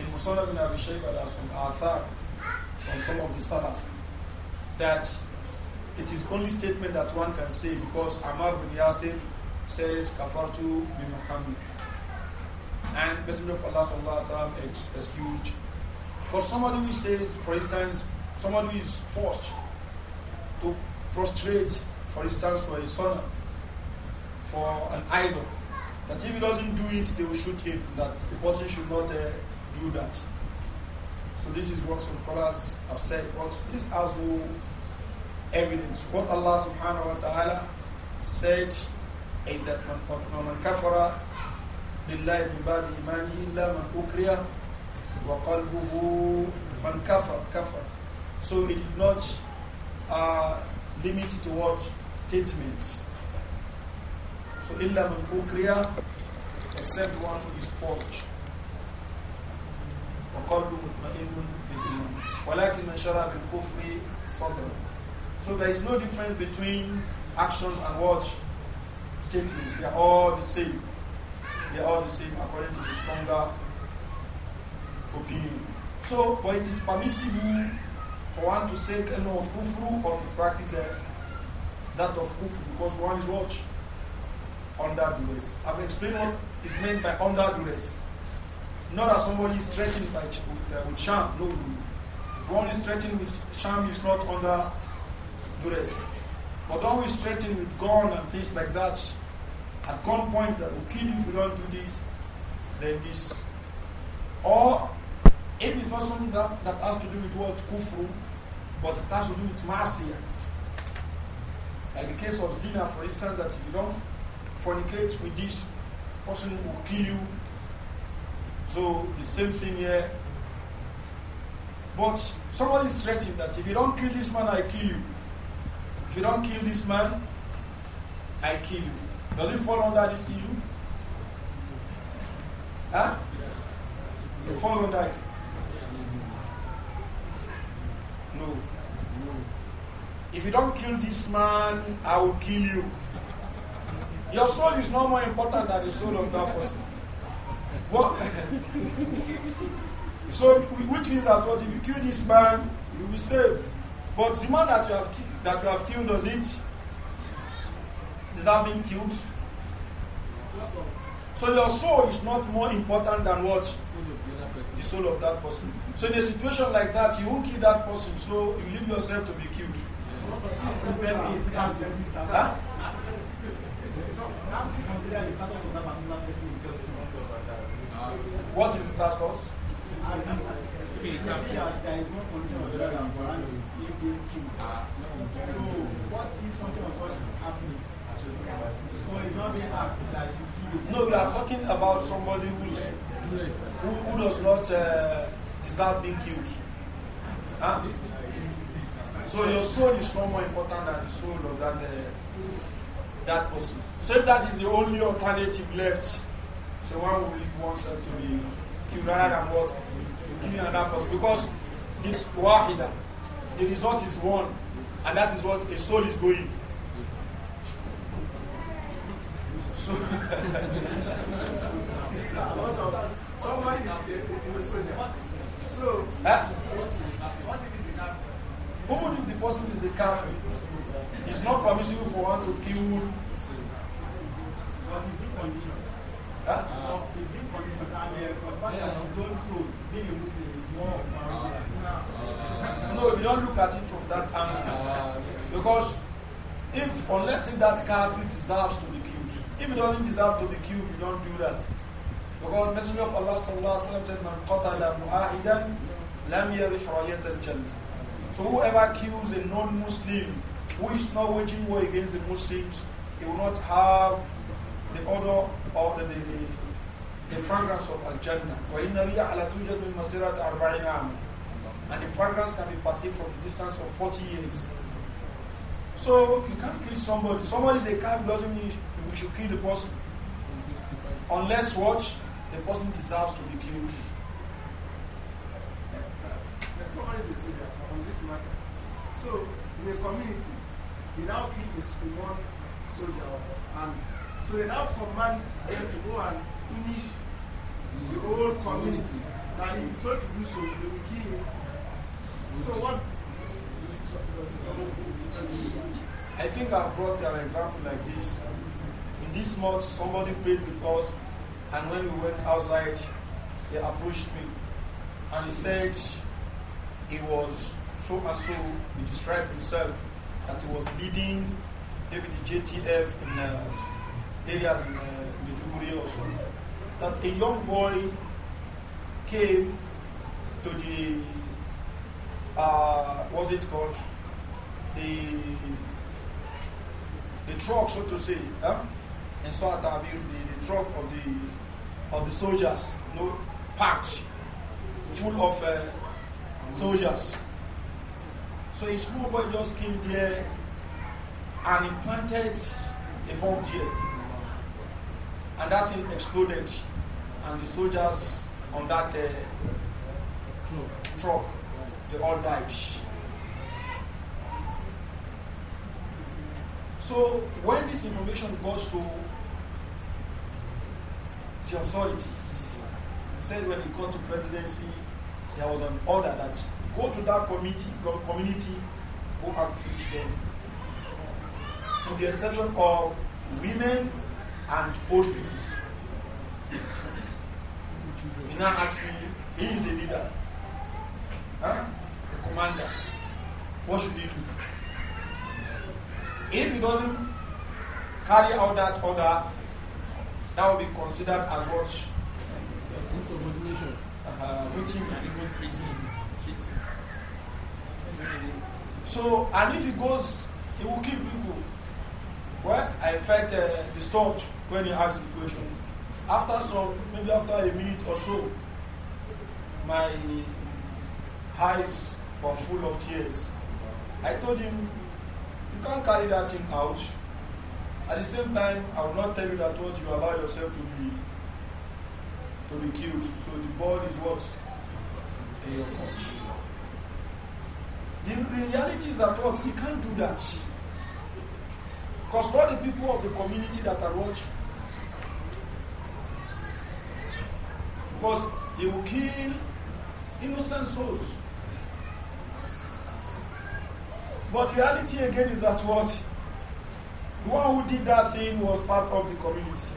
In Musana bin Abi Shayba, there's some from some of the Salaf that it is only statement that one can say because Ahmad bin Yasir said, Kafartu bin Muhammad. And Messenger of Allah sallallahu sallam, excused. But somebody who says, for instance, somebody who is forced to prostrate, for instance, for a son, for an idol, that if he doesn't do it, they will shoot him. That the person should not uh, do that. So this is what some scholars have said. But this has no evidence. What Allah subhanahu wa ta'ala said is that وَمَنْ كَفَرَ لِلَّهِ ba'di بَعْدِ إِيمَانِهِ إِلَّا مَنْ أُكْرِيَ وَقَلْبُهُ مَنْ كَفَرَ كَفَرَ So we did not uh, limit it to what? Statements. So إِلَّا مَنْ أُكْرِيَ except one who is forced. وَقَلْبُ مُطْمَئِنٌ بِالْإِيمَانِ وَلَكِنْ مَنْ شَرَى بِالْكُفْرِ صَدْرًا So there is no difference between actions and what? Statements. They are all the same. They are all the same according to the stronger opinion. So, but it is permissible for one to say you of kufru or to practice uh, that of kufru because one is what? under duress. I've explained what is meant by under duress. Not that somebody is threatened by, with, uh, with charm. No, one is threatened with charm is not under duress. But one is threatened with gun and things like that, at gunpoint that will kill you if you don't do this, then this. Or it is not something that, that has to do with what kufu, but it has to do with marcia. Like the case of zina, for instance, that if you don't fornicate with this person will kill you. So the same thing here. But somebody is threatening that if you don't kill this man, I kill you. If you don't kill this man, I kill you. Does it fall under this issue? Huh? Yes. It fall under it? No. no. If you don't kill this man, I will kill you. Your soul is no more important than the soul of that person. What? <laughs> so, which means that what if you kill this man, you'll be saved. But the man that you have ki- that you have killed, does it deserve being killed? So your soul is not more important than what the soul of that person. So in a situation like that, you will kill that person, so you leave yourself to be killed. Huh? task force? if they choose. So what if something of such is happening? So it's not being asked that you do. No, we are talking about somebody who's, who, who does not uh, deserve being killed. Huh? So your soul is no more important than the soul of that uh, that person. So if that is the only alternative left, so one will leave oneself to be Quran and what? Beginning and Apos. Because this Wahida. The result is one. And that is what a soul is going. So <laughs> somebody is a soldier. So huh? what if he's a kafir? would if the person is a kafir, it's not permissible for one to kill. Huh? the fact that being a Muslim is more uh, No, you don't look at it from that angle. Uh, because if, unless if that kafir deserves to be killed, if it doesn't deserve to be killed, you don't do that. Because Messenger of Allah sallallahu alaihi wasallam said, "Man lam So whoever kills a non-Muslim who is not waging war against the Muslims, he will not have the honor or the, the the fragrance of Al Jannah. And the fragrance can be perceived from the distance of 40 years. So you can't kill somebody. Somebody is a calf doesn't mean we should kill the person. Unless what? The person deserves to be killed. Someone is a soldier on this matter. So in a community, they now kill this one soldier and so they now command them to go and finish the whole community. That if you try to do so, they will kill you. So what? I think I brought an example like this. In this month, somebody prayed with us, and when we went outside, they approached me, and he said he was so and so. He described himself that he was leading maybe the JTF in uh, areas in uh, Medjugorje or so that a young boy came to the uh, what's it called the the truck so to say huh? saw Saudi Arabia the, the truck of the of the soldiers you know, packed full of uh, soldiers so a small boy just came there and implanted a bomb there and that thing exploded, and the soldiers on that uh, truck. they all died. So when this information goes to the authorities, they said when it got to presidency, there was an order that go to that committee, community, go and finish them. With the exception of women and old people. He now asked me, he is a leader, huh? a commander. What should he do? If he doesn't carry out that order, that will be considered as what? Insubordination. Uh, uh-huh. and even treason. So, and if he goes, he will kill people. Well, I felt uh, disturbed when he asked the question. After some, maybe after a minute or so, my eyes were full of tears. I told him, You can't carry that thing out. At the same time, I will not tell you that what you allow yourself to be to be killed. So the ball is what? In uh, your The reality is that what he can't do that. Because all the people of the community that are watching, Because they will kill innocent souls. But reality again is that what? The one who did that thing was part of the community.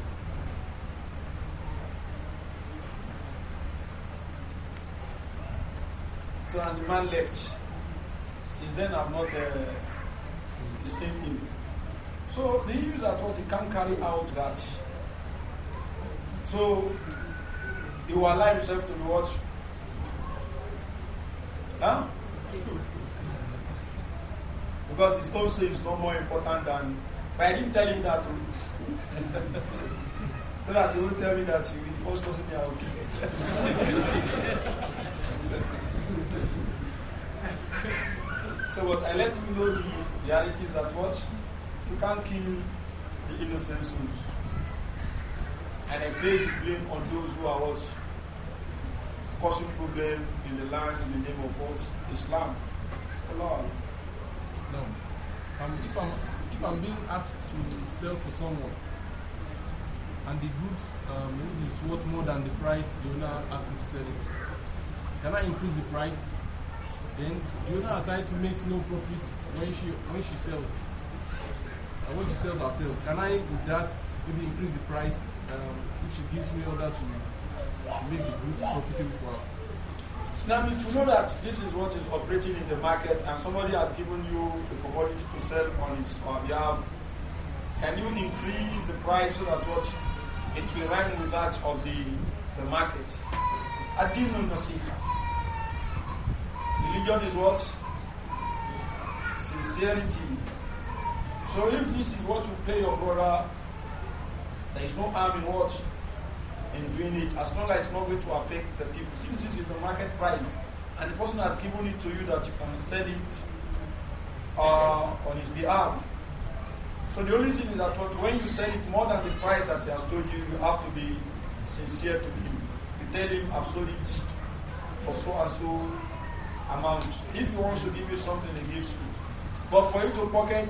So, and the man left. Since then, I've not uh, same him. So the issue is that what he can't carry out that. So he will allow himself to be what? Huh? because his policy is no more important than. But I didn't tell him that. Oh. <laughs> so that he won't tell me that you first person me I <laughs> So, what I let him know the reality is that what? You can't kill the innocent souls. And I place the blame on those who are Causing problem in the land in the name of what? Islam. Allah. No. Um, if, I'm, if I'm being asked to sell for someone, and the goods um, is worth more than the price the owner asked me to sell it. Can I increase the price? Then the owner at times makes no profit when she when she sells. I want to sell ourselves. Can I, with that, maybe increase the price um, if she gives me order to make the goods profitable for her? Now, if you know that this is what is operating in the market and somebody has given you a commodity to sell on his behalf, can you increase the price so that what it will rhyme with that of the, the market? Adinu Nasiha. Religion is what? Sincerity so if this is what you pay your brother, there is no harm in what? In doing it, as long as it's not going to affect the people. Since this is the market price, and the person has given it to you that you can sell it uh, on his behalf. So the only thing is that when you sell it more than the price that he has told you, you have to be sincere to him. You tell him, I've sold it for so and so amount. If he wants to give you something, he gives you. But for you to pocket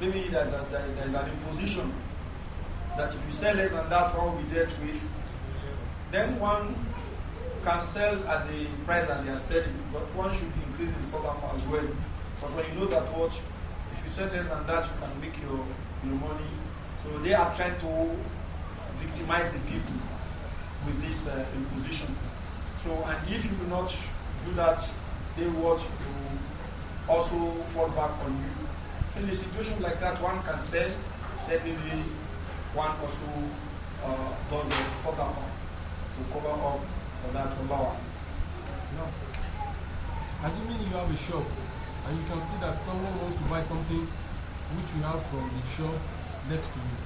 Maybe there's, a, there, there's an imposition that if you sell less than that, one will be dealt with. Then one can sell at the price that they are selling, but one should increase in sadaqa as well. Because when you know that what, if you sell less than that, you can make your, your money. So they are trying to victimize the people with this uh, imposition. So, and if you do not do that, they watch you also fall back on you in a situation like that, one can sell, then maybe one also uh, does a sadaqa to cover up for that Allah. No. Assuming you have a shop and you can see that someone wants to buy something which you have from the shop next to you,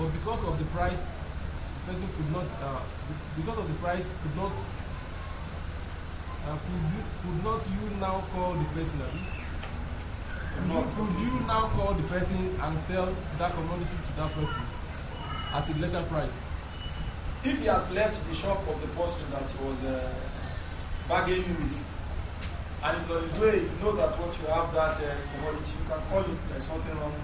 but because of the price, the person could not, uh, because of the price, could not, uh, could, you, could not you now call the person? But could you now call the person and sell that commodity to that person at a lesser price? If he has left the shop of the person that he was uh, bargaining with, and if there is way you know that what you have that uh, commodity, you can call it. There's nothing wrong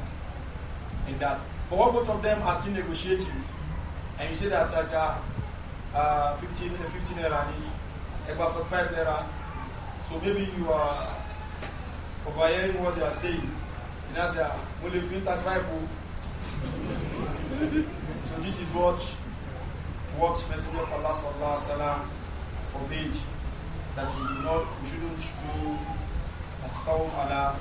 in that. But what both of them are still negotiating, and you say that as uh, a uh, 15, uh, 15 naira, about 45 naira, so maybe you are overhearing what they are saying. And I say, will ah, you feel that five? Oh. so this is what what Messenger of Allah sallallahu alaihi wasallam forbid that you do not you shouldn't do a sawm ala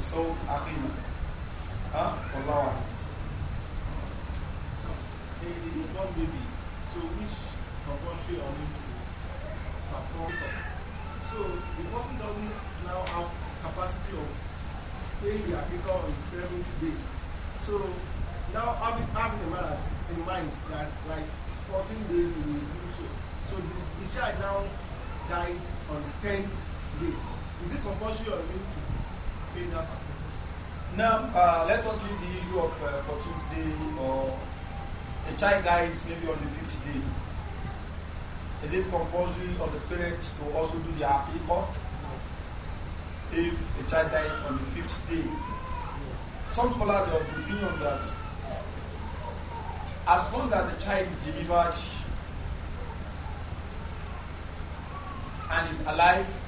sawm akhina. Huh? Wallahu Hey, the newborn baby. So which compulsory on you to perform? So the person doesn't now have capacity of paying the applicant on the seventh day. So now having having have in mind, that like 14 days we will do so. So the, the child now died on the 10th day. Is it compulsory on you to pay that? Now, uh, let us leave the issue of uh, 14th day or a child dies maybe on the 50th day. Is it compulsory on the parents to also do the aqiqah? if a child dies on the fifth day. Some scholars are of the opinion that as long as the child is delivered and is alive,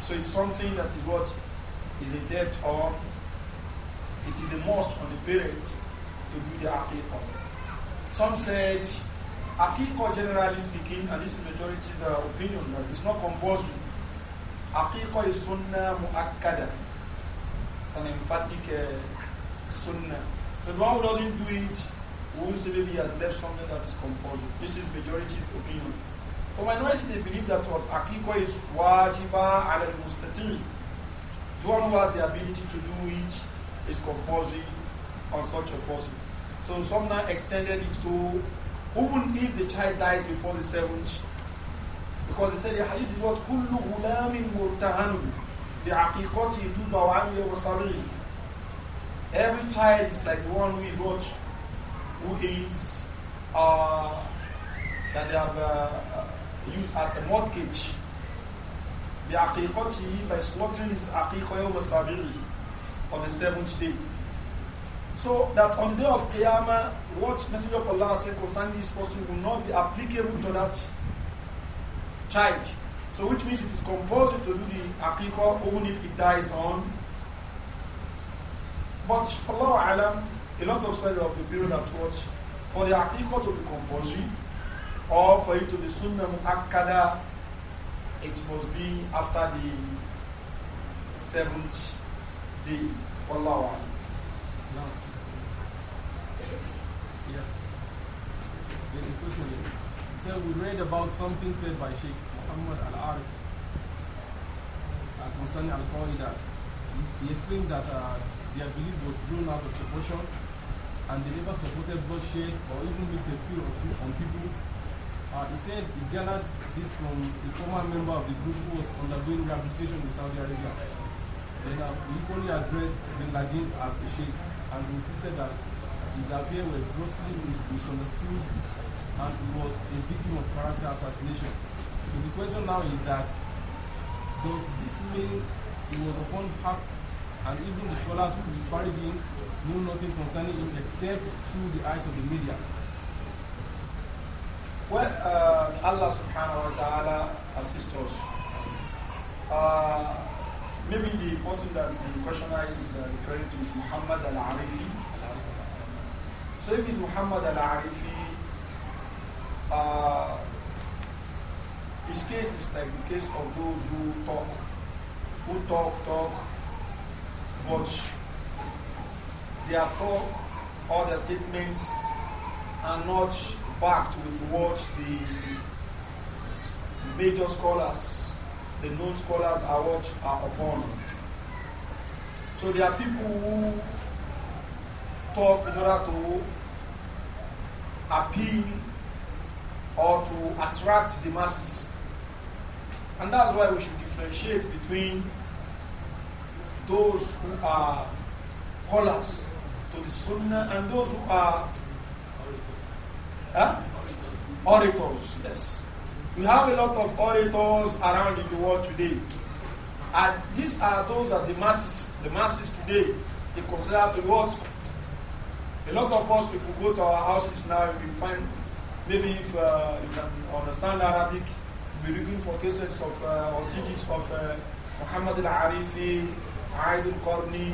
so it's something that is what is a debt or it is a must on the parent to do the aqiqah. Some said akiko, generally speaking, and this is majority's uh, opinion, that it's not compulsory Aqiqah is sunnah mu'akkada. It's an emphatic uh, sunnah. So the one who doesn't do it, who will say maybe he has left something that is compulsory. This is majority's opinion. But minority, they believe that what Aqiqah is wajiba ala al The one who has the ability to do it is compulsory on such a person. So some now extended it to even if the child dies before the seventh because they said the hadith is what? كُلُّ غُلَامٍ مُرْتَهَنٌ بِعَقِيقَتِهِ تُوبَ وَعَمِيَ وَصَبِيهِ Every child is like the one who is what? Who is, uh, that they have uh, used as a mortgage. بِعَقِيقَتِهِ By slaughtering his عَقِيقَ يَوْمَ صَبِيهِ On the seventh day. So that on the day of Qiyamah, what Messenger of Allah said concerning this person will not be applicable to that child. So which means it is compulsory to do the akikah even if it dies on. But Allah alam, a lot of scholars of the period that what for the akikah to be compulsory or for it to be sunnah muakkada, it must be after the seventh day. Allah alam. Yeah. There's a question so we read about something said by Sheikh Muhammad Al Arif uh, concerning Al Qaeda. He, explained that uh, their belief was blown out of proportion and they never supported bloodshed or even with the fear on people. Uh, he said he gathered this from a former member of the group who was undergoing rehabilitation in Saudi Arabia. Then uh, he equally addressed bin Laden as a sheikh and insisted that his affair were grossly misunderstood and he was a victim of character assassination. So the question now is that does this mean he was upon hack and even the scholars who disparaged him knew nothing concerning him except through the eyes of the media? Well, uh, Allah subhanahu wa ta'ala assists us. Uh, maybe the person that the questioner is uh, referring to is Muhammad al-Arifi. So if it's Muhammad al-Arifi, uh, his case is like the case of those who talk, who talk, talk, but their talk or their statements are not backed with what the major scholars, the known scholars are what are upon. So there are people who talk in order to appeal or to attract the masses. And that's why we should differentiate between those who are callers to the Sunnah and those who are huh? orators. Yes. We have a lot of orators around in the world today. And these are those that the masses, the masses today, they consider the world. A lot of us, if we go to our houses now, we find Maybe if uh, you can understand Arabic, we're looking for cases of uh, or cities of uh, Muhammad al-Arifi, Aid al-Qarni,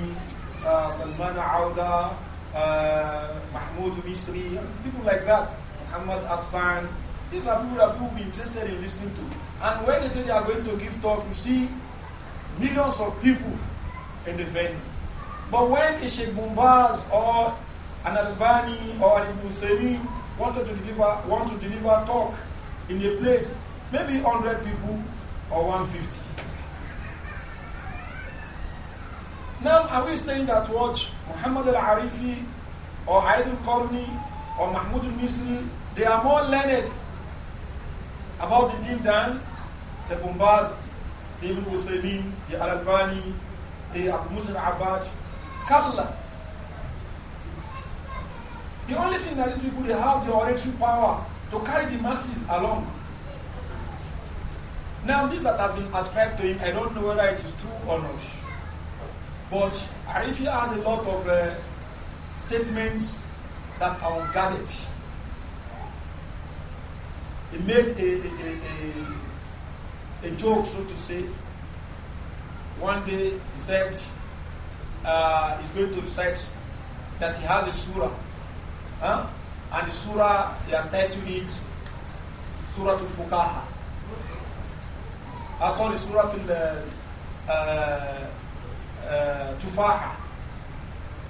uh, Salman al uh, Mahmoud Misri, people like that, Muhammad Hassan. These are people that people will be interested in listening to. And when they say they are going to give talk, you see millions of people in the venue. But when a Sheikh Bombaz or an Albani or an Ibn wanted to deliver, want to deliver talk in a place, maybe 100 people or 150. Now, are we saying that what Muhammad al-Arifi or Aidul Qarni or Mahmoud al-Misri, they are more learned about the deen than the Bombaz, the Ibn Uthaymeen, the Al-Albani, the Abu Musa al-Abbad? Kalla. The only thing that these people they have the oratory power to carry the masses along. Now, this that has been ascribed to him, I don't know whether it is true or not. But he has a lot of uh, statements that are unguarded. He made a, a, a, a, joke, so to say. One day he said uh, he's going to recite that he has a surah Huh? And the surah, he has titled it Surah to Fukaha. Uh, ah, sorry, Surah to uh, uh, uh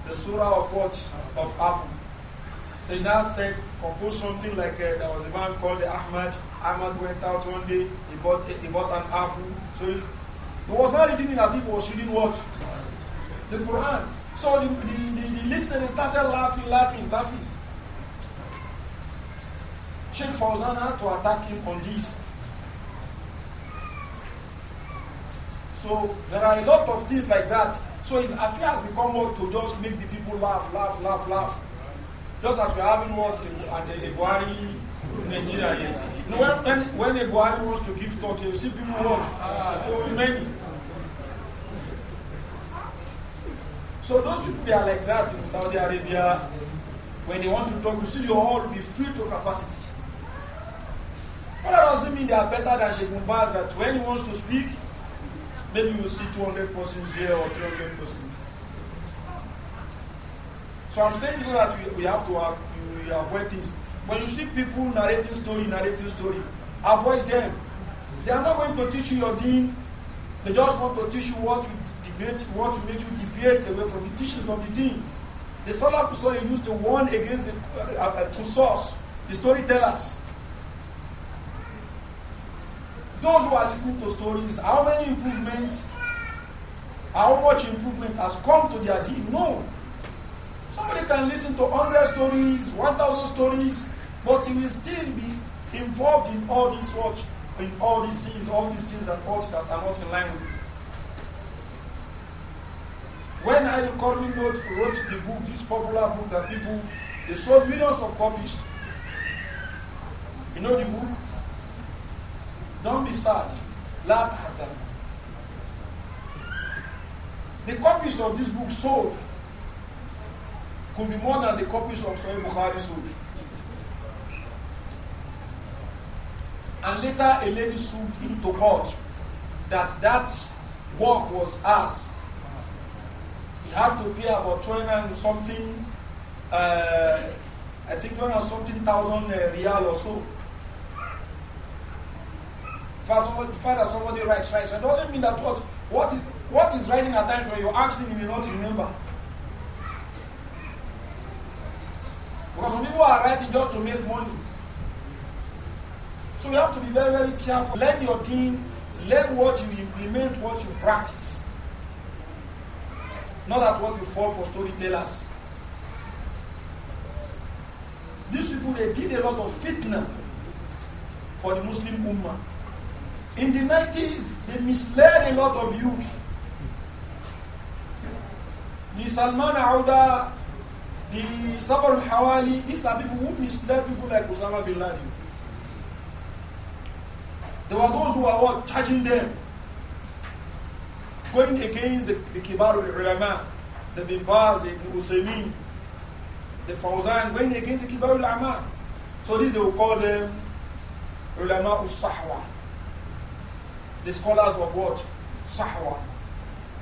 The surah of what? Of Apple. So he now said, compose something like uh, there was a man called Ahmad. Ahmad went out one day, he bought, he bought an apple. So he was not reading it as if he was reading what? The Quran. So the, the, the, the listener started laughing, laughing, laughing. Sheikh to attack him on this. So there are a lot of things like that. So his affair has become more to just make the people laugh, laugh, laugh, laugh. Just as we're having what in the a Nigeria here. When, when, when wants to give talk, you see people watch. many. So those people they are like that in Saudi Arabia. When they want to talk, you see the hall be filled to capacity doesn't mean they are better than Sheikh that when he wants to speak, maybe you see 200 persons here or 300 persons. So I'm saying that we, we have to have, we avoid things. When you see people narrating story, narrating story, avoid them. They are not going to teach you your deen. They just want to teach you what to deviate, what to make you deviate away from the teachings of the deen. The Salaf story used to warn against the uh, uh, uh the storytellers. Those who are listening to stories, how many improvements, how much improvement has come to their deed? No. Somebody can listen to 100 stories, 1,000 stories, but he will still be involved in all these watch, in all these things, all these things and all that are not in line with him. When I Cornyn wrote, wrote the book, this popular book that people, they sold millions of copies. You know the book? Don't be sad. Lat tahzan. The copies of this book sold could be more than the copies of Sahih Bukhari sold. And later a lady sued into court that that work was ours. He had to pay about twenty something, uh, I think 29 something thousand uh, real or so somebody, the somebody writes, writes, it doesn't mean that what, what, is, what is writing at times when you ask him, you will not remember. Because some people are writing just to make money. So you have to be very, very careful. Learn your thing, learn what you implement, what you practice. Not that what you fall for storytellers. These people, they did a lot of fitna for the Muslim Ummah. In the 90s, they misled a lot of youths. The Salman Auda, the Sabr hawali these are people who misled people like Osama bin Laden. There were those who were what, charging them, going against the, the Kibar al-Ulama, the Bin Baz, the Ibn the Fawzan, going against the Kibar al-Ulama. So these they will call them Ulama al-Sahwa the scholars of what? Sahwa.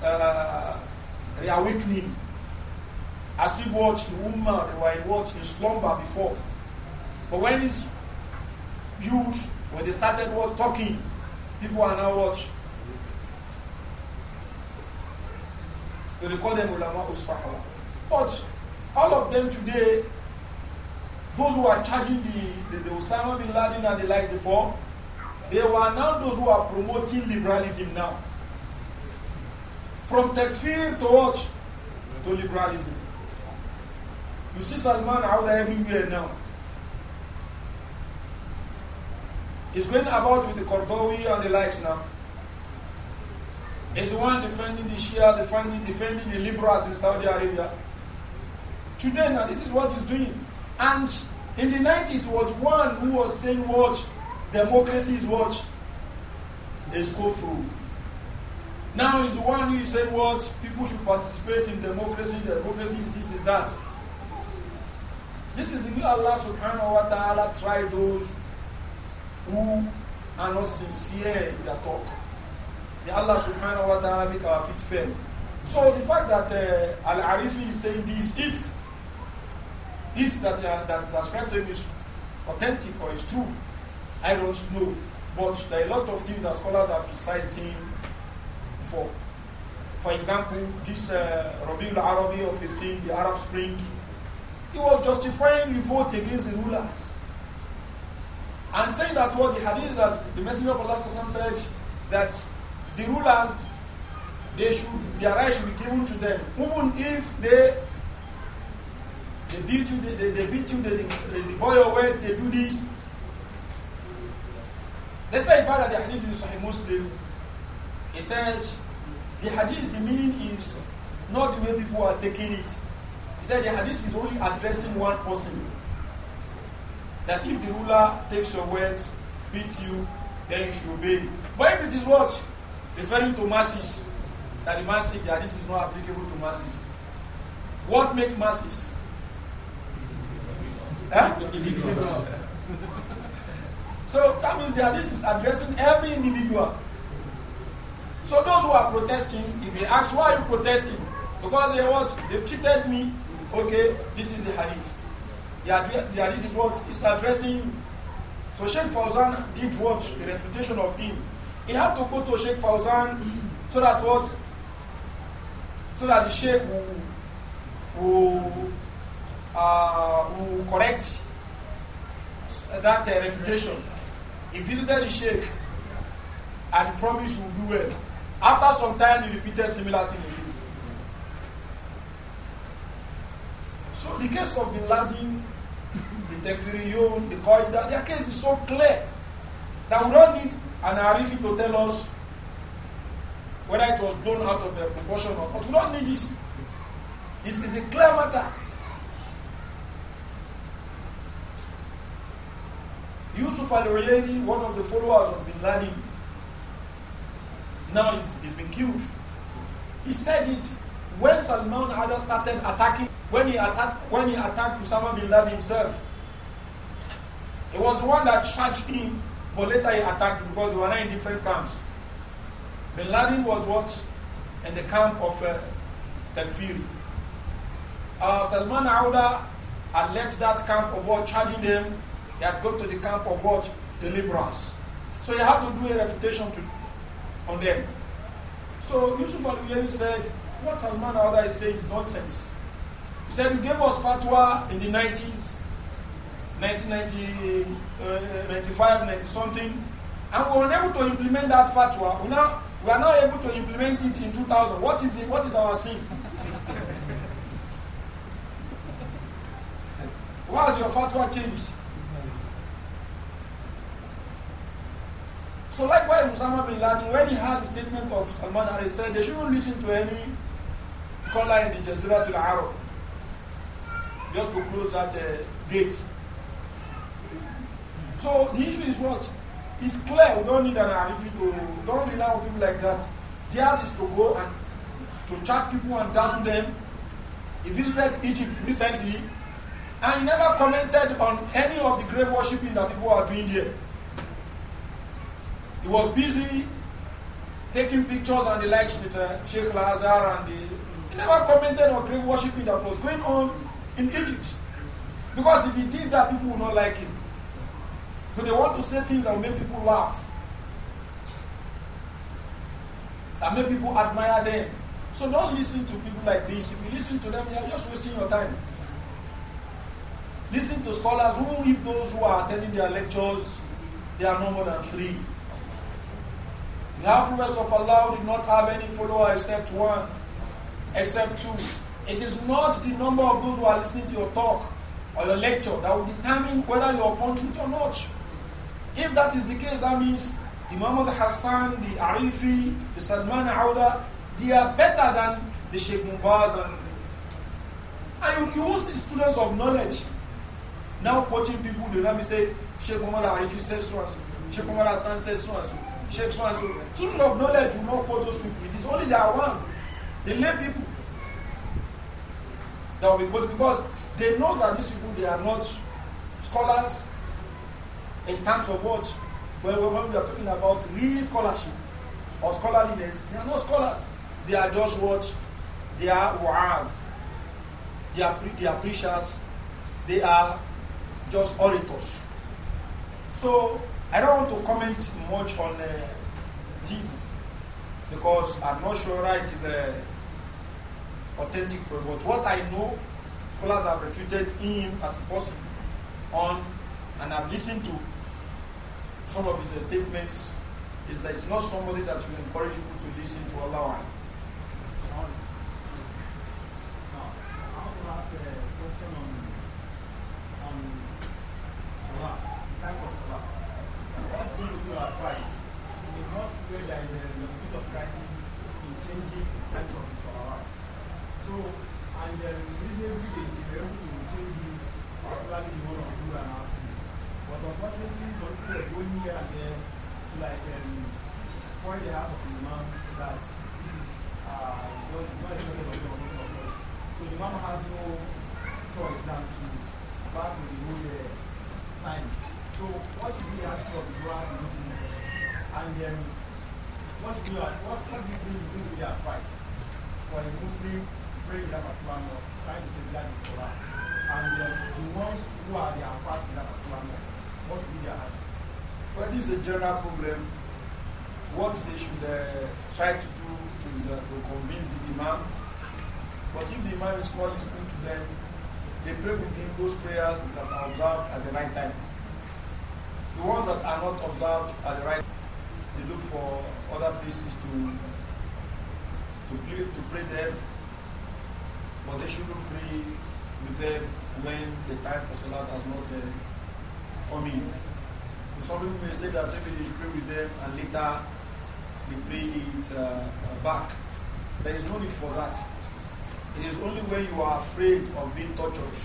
Uh, awakening, As if what the woman they were in what in slumber before. But when it's youth, when they started what talking, people are now what? So they call them ulama usfahala. But all of them today, those who are charging the, the, the Osama bin Laden and the like before, they were now those who are promoting liberalism now. From takfir to what? To liberalism. You see Salman out there everywhere now. He's going about with the Cordovi and the likes now. He's the one defending the Shia, defending, defending the liberals in Saudi Arabia. Today now, this is what he's doing. And in the 90s, was one who was saying what? Democracy is what? Is through. Now is the one who is saying what? People should participate in democracy, democracy is this, is that. This is where Allah subhanahu wa ta'ala try those who are not sincere in their talk. The Allah subhanahu wa ta'ala make our feet firm. So the fact that uh, Al-Arifi is saying this, if this that, uh, that is ascribed to him is authentic or is true, I don't know. But there are a lot of things that scholars have criticized him for. For example, this uh, Rabiul Arabi of the thing, the Arab Spring, he was justifying revolt against the rulers. And saying that what the hadith that the Messenger of Allah said that the rulers, they should, their rights should be given to them, even if they they beat you, they, they, they beat you, they, they, they your words, they do this, Despite the fact that the hadith is Sahih Muslim, he said the hadith, the meaning is not the way people are taking it. He said the hadith is only addressing one person. That if the ruler takes your words, beats you, then you should obey. But if it is what? Referring to masses, that the masses, the hadith is not applicable to masses. What make masses? Huh? So that means that this is addressing every individual. So those who are protesting, if they ask why are you protesting, because they want they've cheated me. Okay, this is the hadith. The, address, the hadith is what is addressing. So Sheikh Fauzan did what the refutation of him. He had to go to Sheikh Fauzan so that what so that the Sheikh will will, uh, will correct that uh, refutation. He visited the sheikh and promised he would do well. After some time, he repeated similar thing again. So the case of Bin Laden, the Tekfiriyun, the Qaeda, their case is so clear that we don't need an Arifi to tell us whether it was blown out of proportion or not. We don't need this. This is a clear matter. Yusuf al-Uyayni, one of the followers of Bin Laden, now he's, he's been killed. He said it when Salman Ada started attacking, when he attacked, when he attacked Osama Bin Laden himself. He was the one that charged him, but later he attacked because they were in different camps. Bin Laden was what? In the camp of uh, Takfiri. Uh, Salman Auda had left that camp of charging them he had gone to the camp of what? The liberals. So he had to do a refutation to, on them. So Yusuf al said, what Salman other? is saying is nonsense. He said, you gave us fatwa in the 90s, 1990, uh, 95, 90 something, and we were unable to implement that fatwa. We, now, we are now able to implement it in 2000. What is it? What is our sin? <laughs> Why has your fatwa changed? So likewise, Osama bin Laden, when he heard the statement of Salman he said they shouldn't listen to any scholar in the Jazeera to the Arab. Just to close that uh, gate. So the issue is what? It's clear. We don't need an Arifi to don't rely on people like that. Theirs is to go and to chat people and dazzle them. He visited Egypt recently and he never commented on any of the grave worshipping that people are doing there. He was busy taking pictures and the likes with uh, Sheikh Lazar and the, he never commented on grave worshipping that was going on in Egypt. Because if he did that, people would not like him. So they want to say things that make people laugh, that make people admire them. So don't listen to people like this. If you listen to them, you are just wasting your time. Listen to scholars who, if those who are attending their lectures, they are no more than three. The outrunners of Allah did not have any follower except one, except two. It is not the number of those who are listening to your talk or your lecture that will determine whether you are upon or not. If that is the case, that means Imam al-Hassan, the Arifi, the Salman Auda, they are better than the Sheikh Mumbaz and, and you, you see students of knowledge now quoting people, they let me say, Sheikh Muhammad Arifi says so and so, Sheikh Muhammad Hassan says so and so. Sheikh so and so. Children of knowledge will not quote those people. It is only their one. The lay people that will be quoted because they know that these people they are not scholars in terms of what when, when we are talking about real scholarship or scholarliness, they are not scholars. They are just what they are have They are they are preachers. They are just orators. So I don't want to comment much on uh, this because I'm not sure right is uh, authentic for but what I know scholars have refuted him as possible on and I've listened to some of his uh, statements is that it's not somebody that will encourage people to listen to Allah the of the Imam that this is uh, not, not expected of him of us. So the Imam has no choice than to back with the whole uh, time. So what should be the attitude of the doers in this ministry? And um, what should be what, what do you think you think their advice for a Muslim praying that particular mosque, trying to safeguard his salah? And um, the ones who are the fast in that particular what should be their attitude? Well, this is a general problem what they should uh, try to do is uh, to convince the imam. But if the imam is not listening to them, they pray with him those prayers that are observed at the right time. The ones that are not observed at the right time, they look for other places to to pray, to pray them, but they shouldn't pray with them when the time for salat has not uh, come in. some people may say that maybe they pray with them and later we bring it uh, uh, back. There is no need for that. It is only when you are afraid of being tortured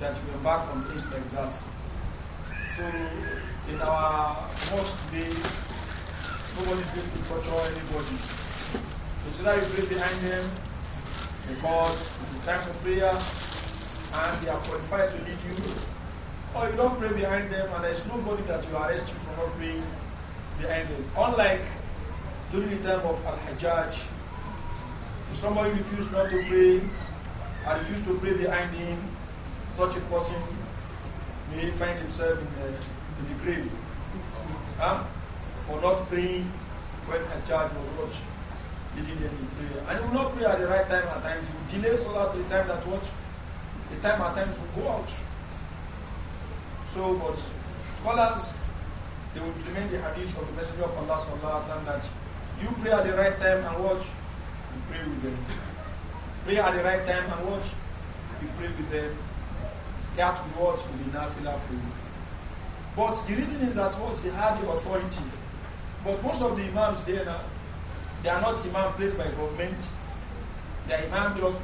that you embark on things like that. So in our mosque day, nobody is going to torture anybody. So should I pray behind them because it is time for prayer and they are qualified to lead you. Or you don't pray behind them and there is nobody that you arrest you for not praying behind them. Unlike during the time of Al-Hajjaj, if somebody refused not to pray, I refused to pray behind him, such a person may find himself in the, in the grave huh? for not praying when Hajjaj was watched He did not pray, And he will not pray at the right time at times. He will delay Salah to the time that what? The time at times will go out. So, but scholars, they will remain the hadith of the Messenger of Allah sallallahu alaihi wasallam that you pray at the right time and watch. You pray with them. Pray at the right time and watch. You pray with them. That will watch will be nafila for you. But the reason is that what they had the authority. But most of the imams there now, they are not imam placed by government. They are imam just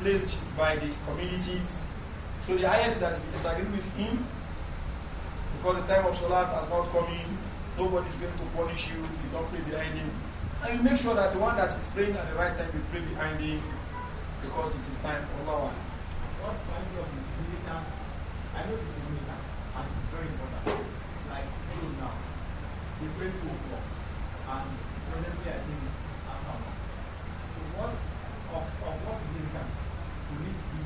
placed by the communities. So the highest that if you disagree with him, because the time of Salat has not come in, nobody is going to punish you if you don't pray the right name. And you make sure that the one that is praying at the right time, you pray behind him because it is time. Allah. What kinds of is militants? I notice in militants, and it's very important. Like you now, they pray to o'clock, and presently I think it's after So what of, of what significance would it be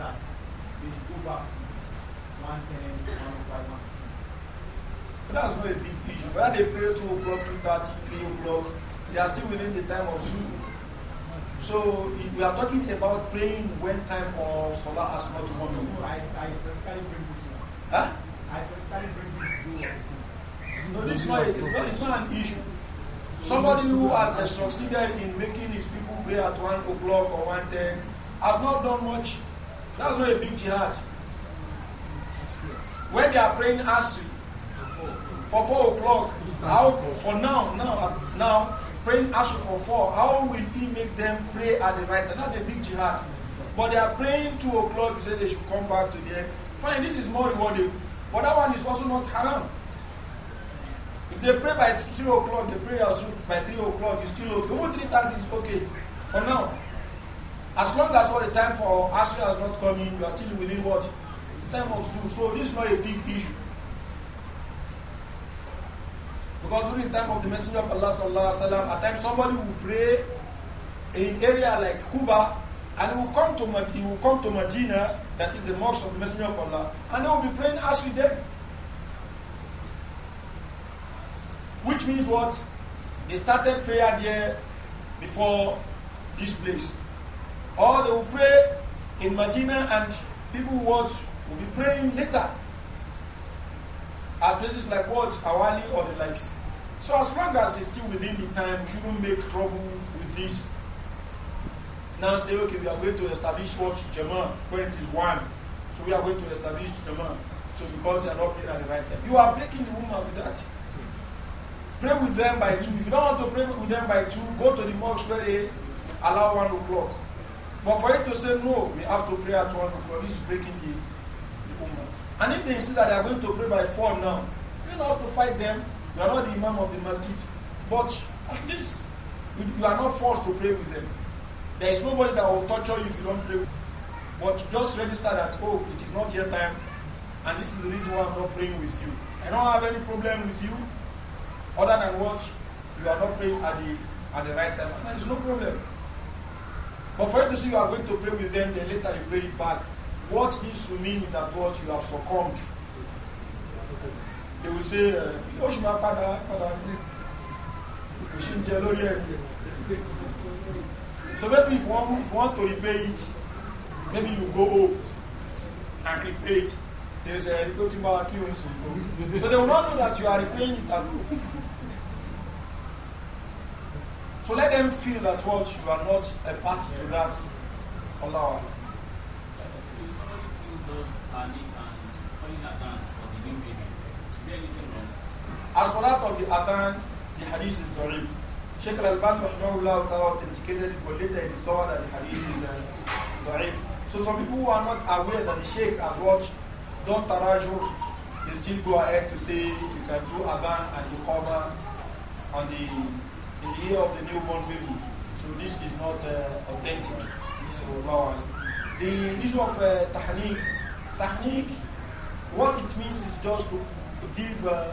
that they should go back to 110, 105, 115? That's not a big issue. Whether they pray 2 o'clock, 2.30, 3 o'clock, they are still within the time of Zuhr. So we are talking about praying when time of Salah has not come No, I, I specifically bring this one. Huh? I specifically bring this one. No, this one is not, it's not an issue. Somebody who has succeeded in making his people pray at 1 o'clock or 1.10 has not done much. That's not a big jihad. When they are praying Asri for 4 o'clock, how, for now, now, now, praying Asher for four, how will he make them pray at the right time? That's a big jihad. But they are praying two o'clock, you say they should come back to there. Fine, this is more rewarding. But that one is also not haram. If they pray by three o'clock, they pray also by three o'clock, it's still okay. Even three thirty is okay for now. As long as all the time for Ashra has not come in, you are still within what? The time of Zoom. So this is not a big issue. Because during the time of the Messenger of Allah sallallahu alaihi wasallam, at times somebody will pray in area like Kuba, and he will come to Mad- he will come to Medina, that is the mosque of the Messenger of Allah, and they will be praying Ashri there. Which means what? They started prayer there before this place. Or they will pray in Medina and people watch will be praying later at places like what Awali or the likes. So as long as it's still within the time, we shouldn't make trouble with this. Now say, okay, we are going to establish what German when it is one. So we are going to establish German. So because you are not praying at the right time. You are breaking the woman with that. Pray with them by two. If you don't want to pray with them by two, go to the mosque where they allow one o'clock. But for you to say no, we have to pray at one o'clock, this is breaking the, the woman. And if they insist that they are going to pray by four now, you don't have to fight them. You are not the imam of the masjid. But at least you, you are not forced to pray with them. There is nobody that will torture you if you don't pray with them. But just register that, oh, it is not your time, and this is the reason why I'm not praying with you. I don't have any problem with you, other than what you are not praying at the, at the right time. And there is no problem. But for you to say you are going to pray with them, then later you pray it back. What this will mean is that what you have succumbed they will say oṣù uh, máa padà padà gbé kò sí ń jẹ lórí ẹgbẹ gbé so maybe if one if one to repay it maybe you go home and repay it There's a ẹni tó ti máa kí òun sùn kó so they will not know that you are repaying it at all so let them feel that what you are not a party to that Allah. Allah. As for that of the Adhan, the hadith is da'if. Sheikh Al-Albani rahimahullah authenticated it, but later he discovered that the hadith is uh, da'if. So some people who are not aware that the Sheikh has watched Don Taraju, they still go ahead to say you can do Adhan and Iqama on the, in the year of the newborn baby. So this is not uh, authentic. So, the issue of uh, tahniq, tahniq, what it means is just to give uh,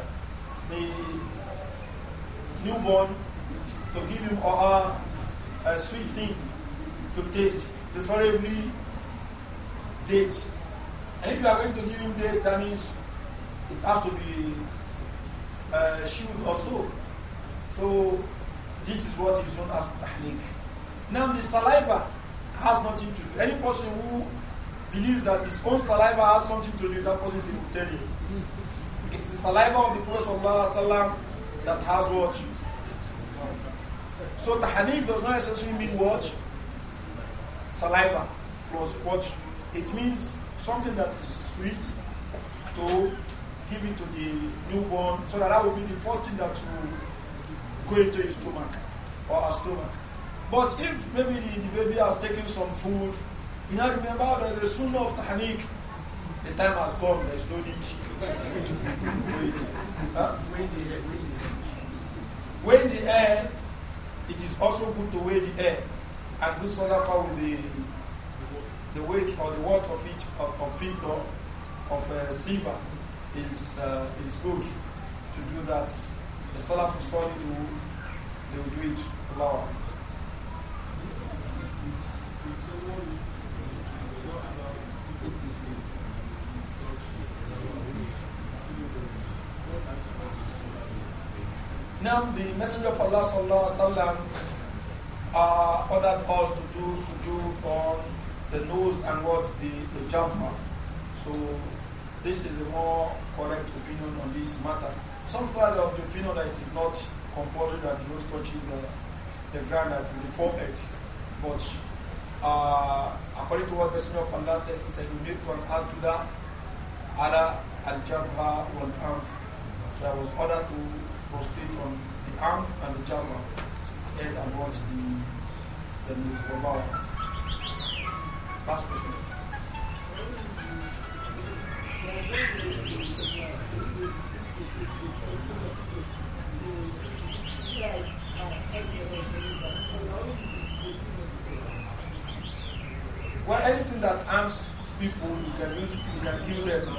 the newborn to give him or her a sweet thing to taste, preferably date. And if you are going to give him date, that means it has to be uh, shield or so. So this is what is known as tahlik. Now the saliva has nothing to do. Any person who believes that his own saliva has something to do with that person is in it is the saliva of the Prophet ﷺ that has what? So tahaniq does not necessarily mean what? Saliva plus what? It means something that is sweet to give it to the newborn so that that will be the first thing that will go into his stomach or her stomach. But if maybe the, the baby has taken some food, you now remember that the sooner of tahaniq, the time has gone, there's no need when the air. it is also good to weigh the air and do sadaqa with the the weight or the weight of each of, of it of uh, silver is uh, is good to do that. The Salafus Salih, they will do it. Allah. Now the Messenger of Allah sallallahu alaihi wasallam uh, ordered us to do sujood on the nose and what the, the jumper. So this is a more correct opinion on this matter. Some scholars of the opinion that it is not compulsory that the nose touches uh, the ground that is the forehead, but uh, according to what Messenger of Allah said, he said, "You need to ask to that ala al jabha one arm. So I was ordered to prostrate on the arm and the jama and about the the mizrabah. Last question. Well, anything that harms people, you can use, you can kill them.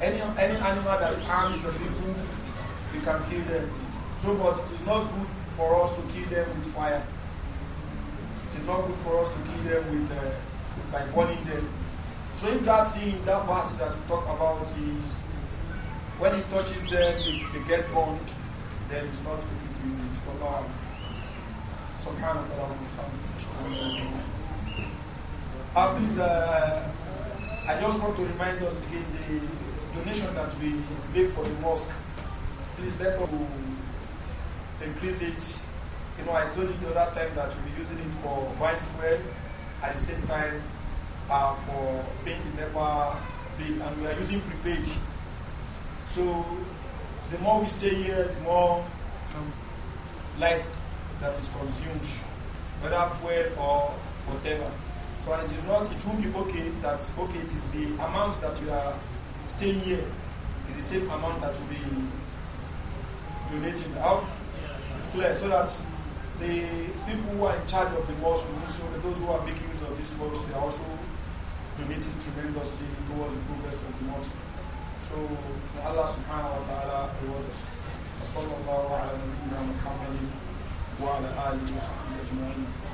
Any any animal that harms the people, we can kill them. but it is not good for us to kill them with fire. It is not good for us to kill them with uh, by burning them. So if that thing, that part that we talk about is when it touches them, they, they get burned, then it's not good to do it. Allah. سبحانك اللهم وبحمدك uh, please, uh, I just want to remind us again the donation that we make for the mosque please let us increase it. You know, I told you the other time that we'll be using it for buying fuel at the same time uh, for paying the NEPA bill, and we are using prepaid. So the more we stay here, the more light that is consumed, whether fuel or whatever. So it is not, it won't be okay that, okay, it is the amount that you are staying here, is the same amount that will be donating out it's clear so that the people who are in charge of the mosque, also those who are making use of this mosque, they are also donating tremendously towards the progress of the mosque. So Allah subhanahu wa ta'ala reward us. wa الله على نبينا محمد وعلى اله وصحبه اجمعين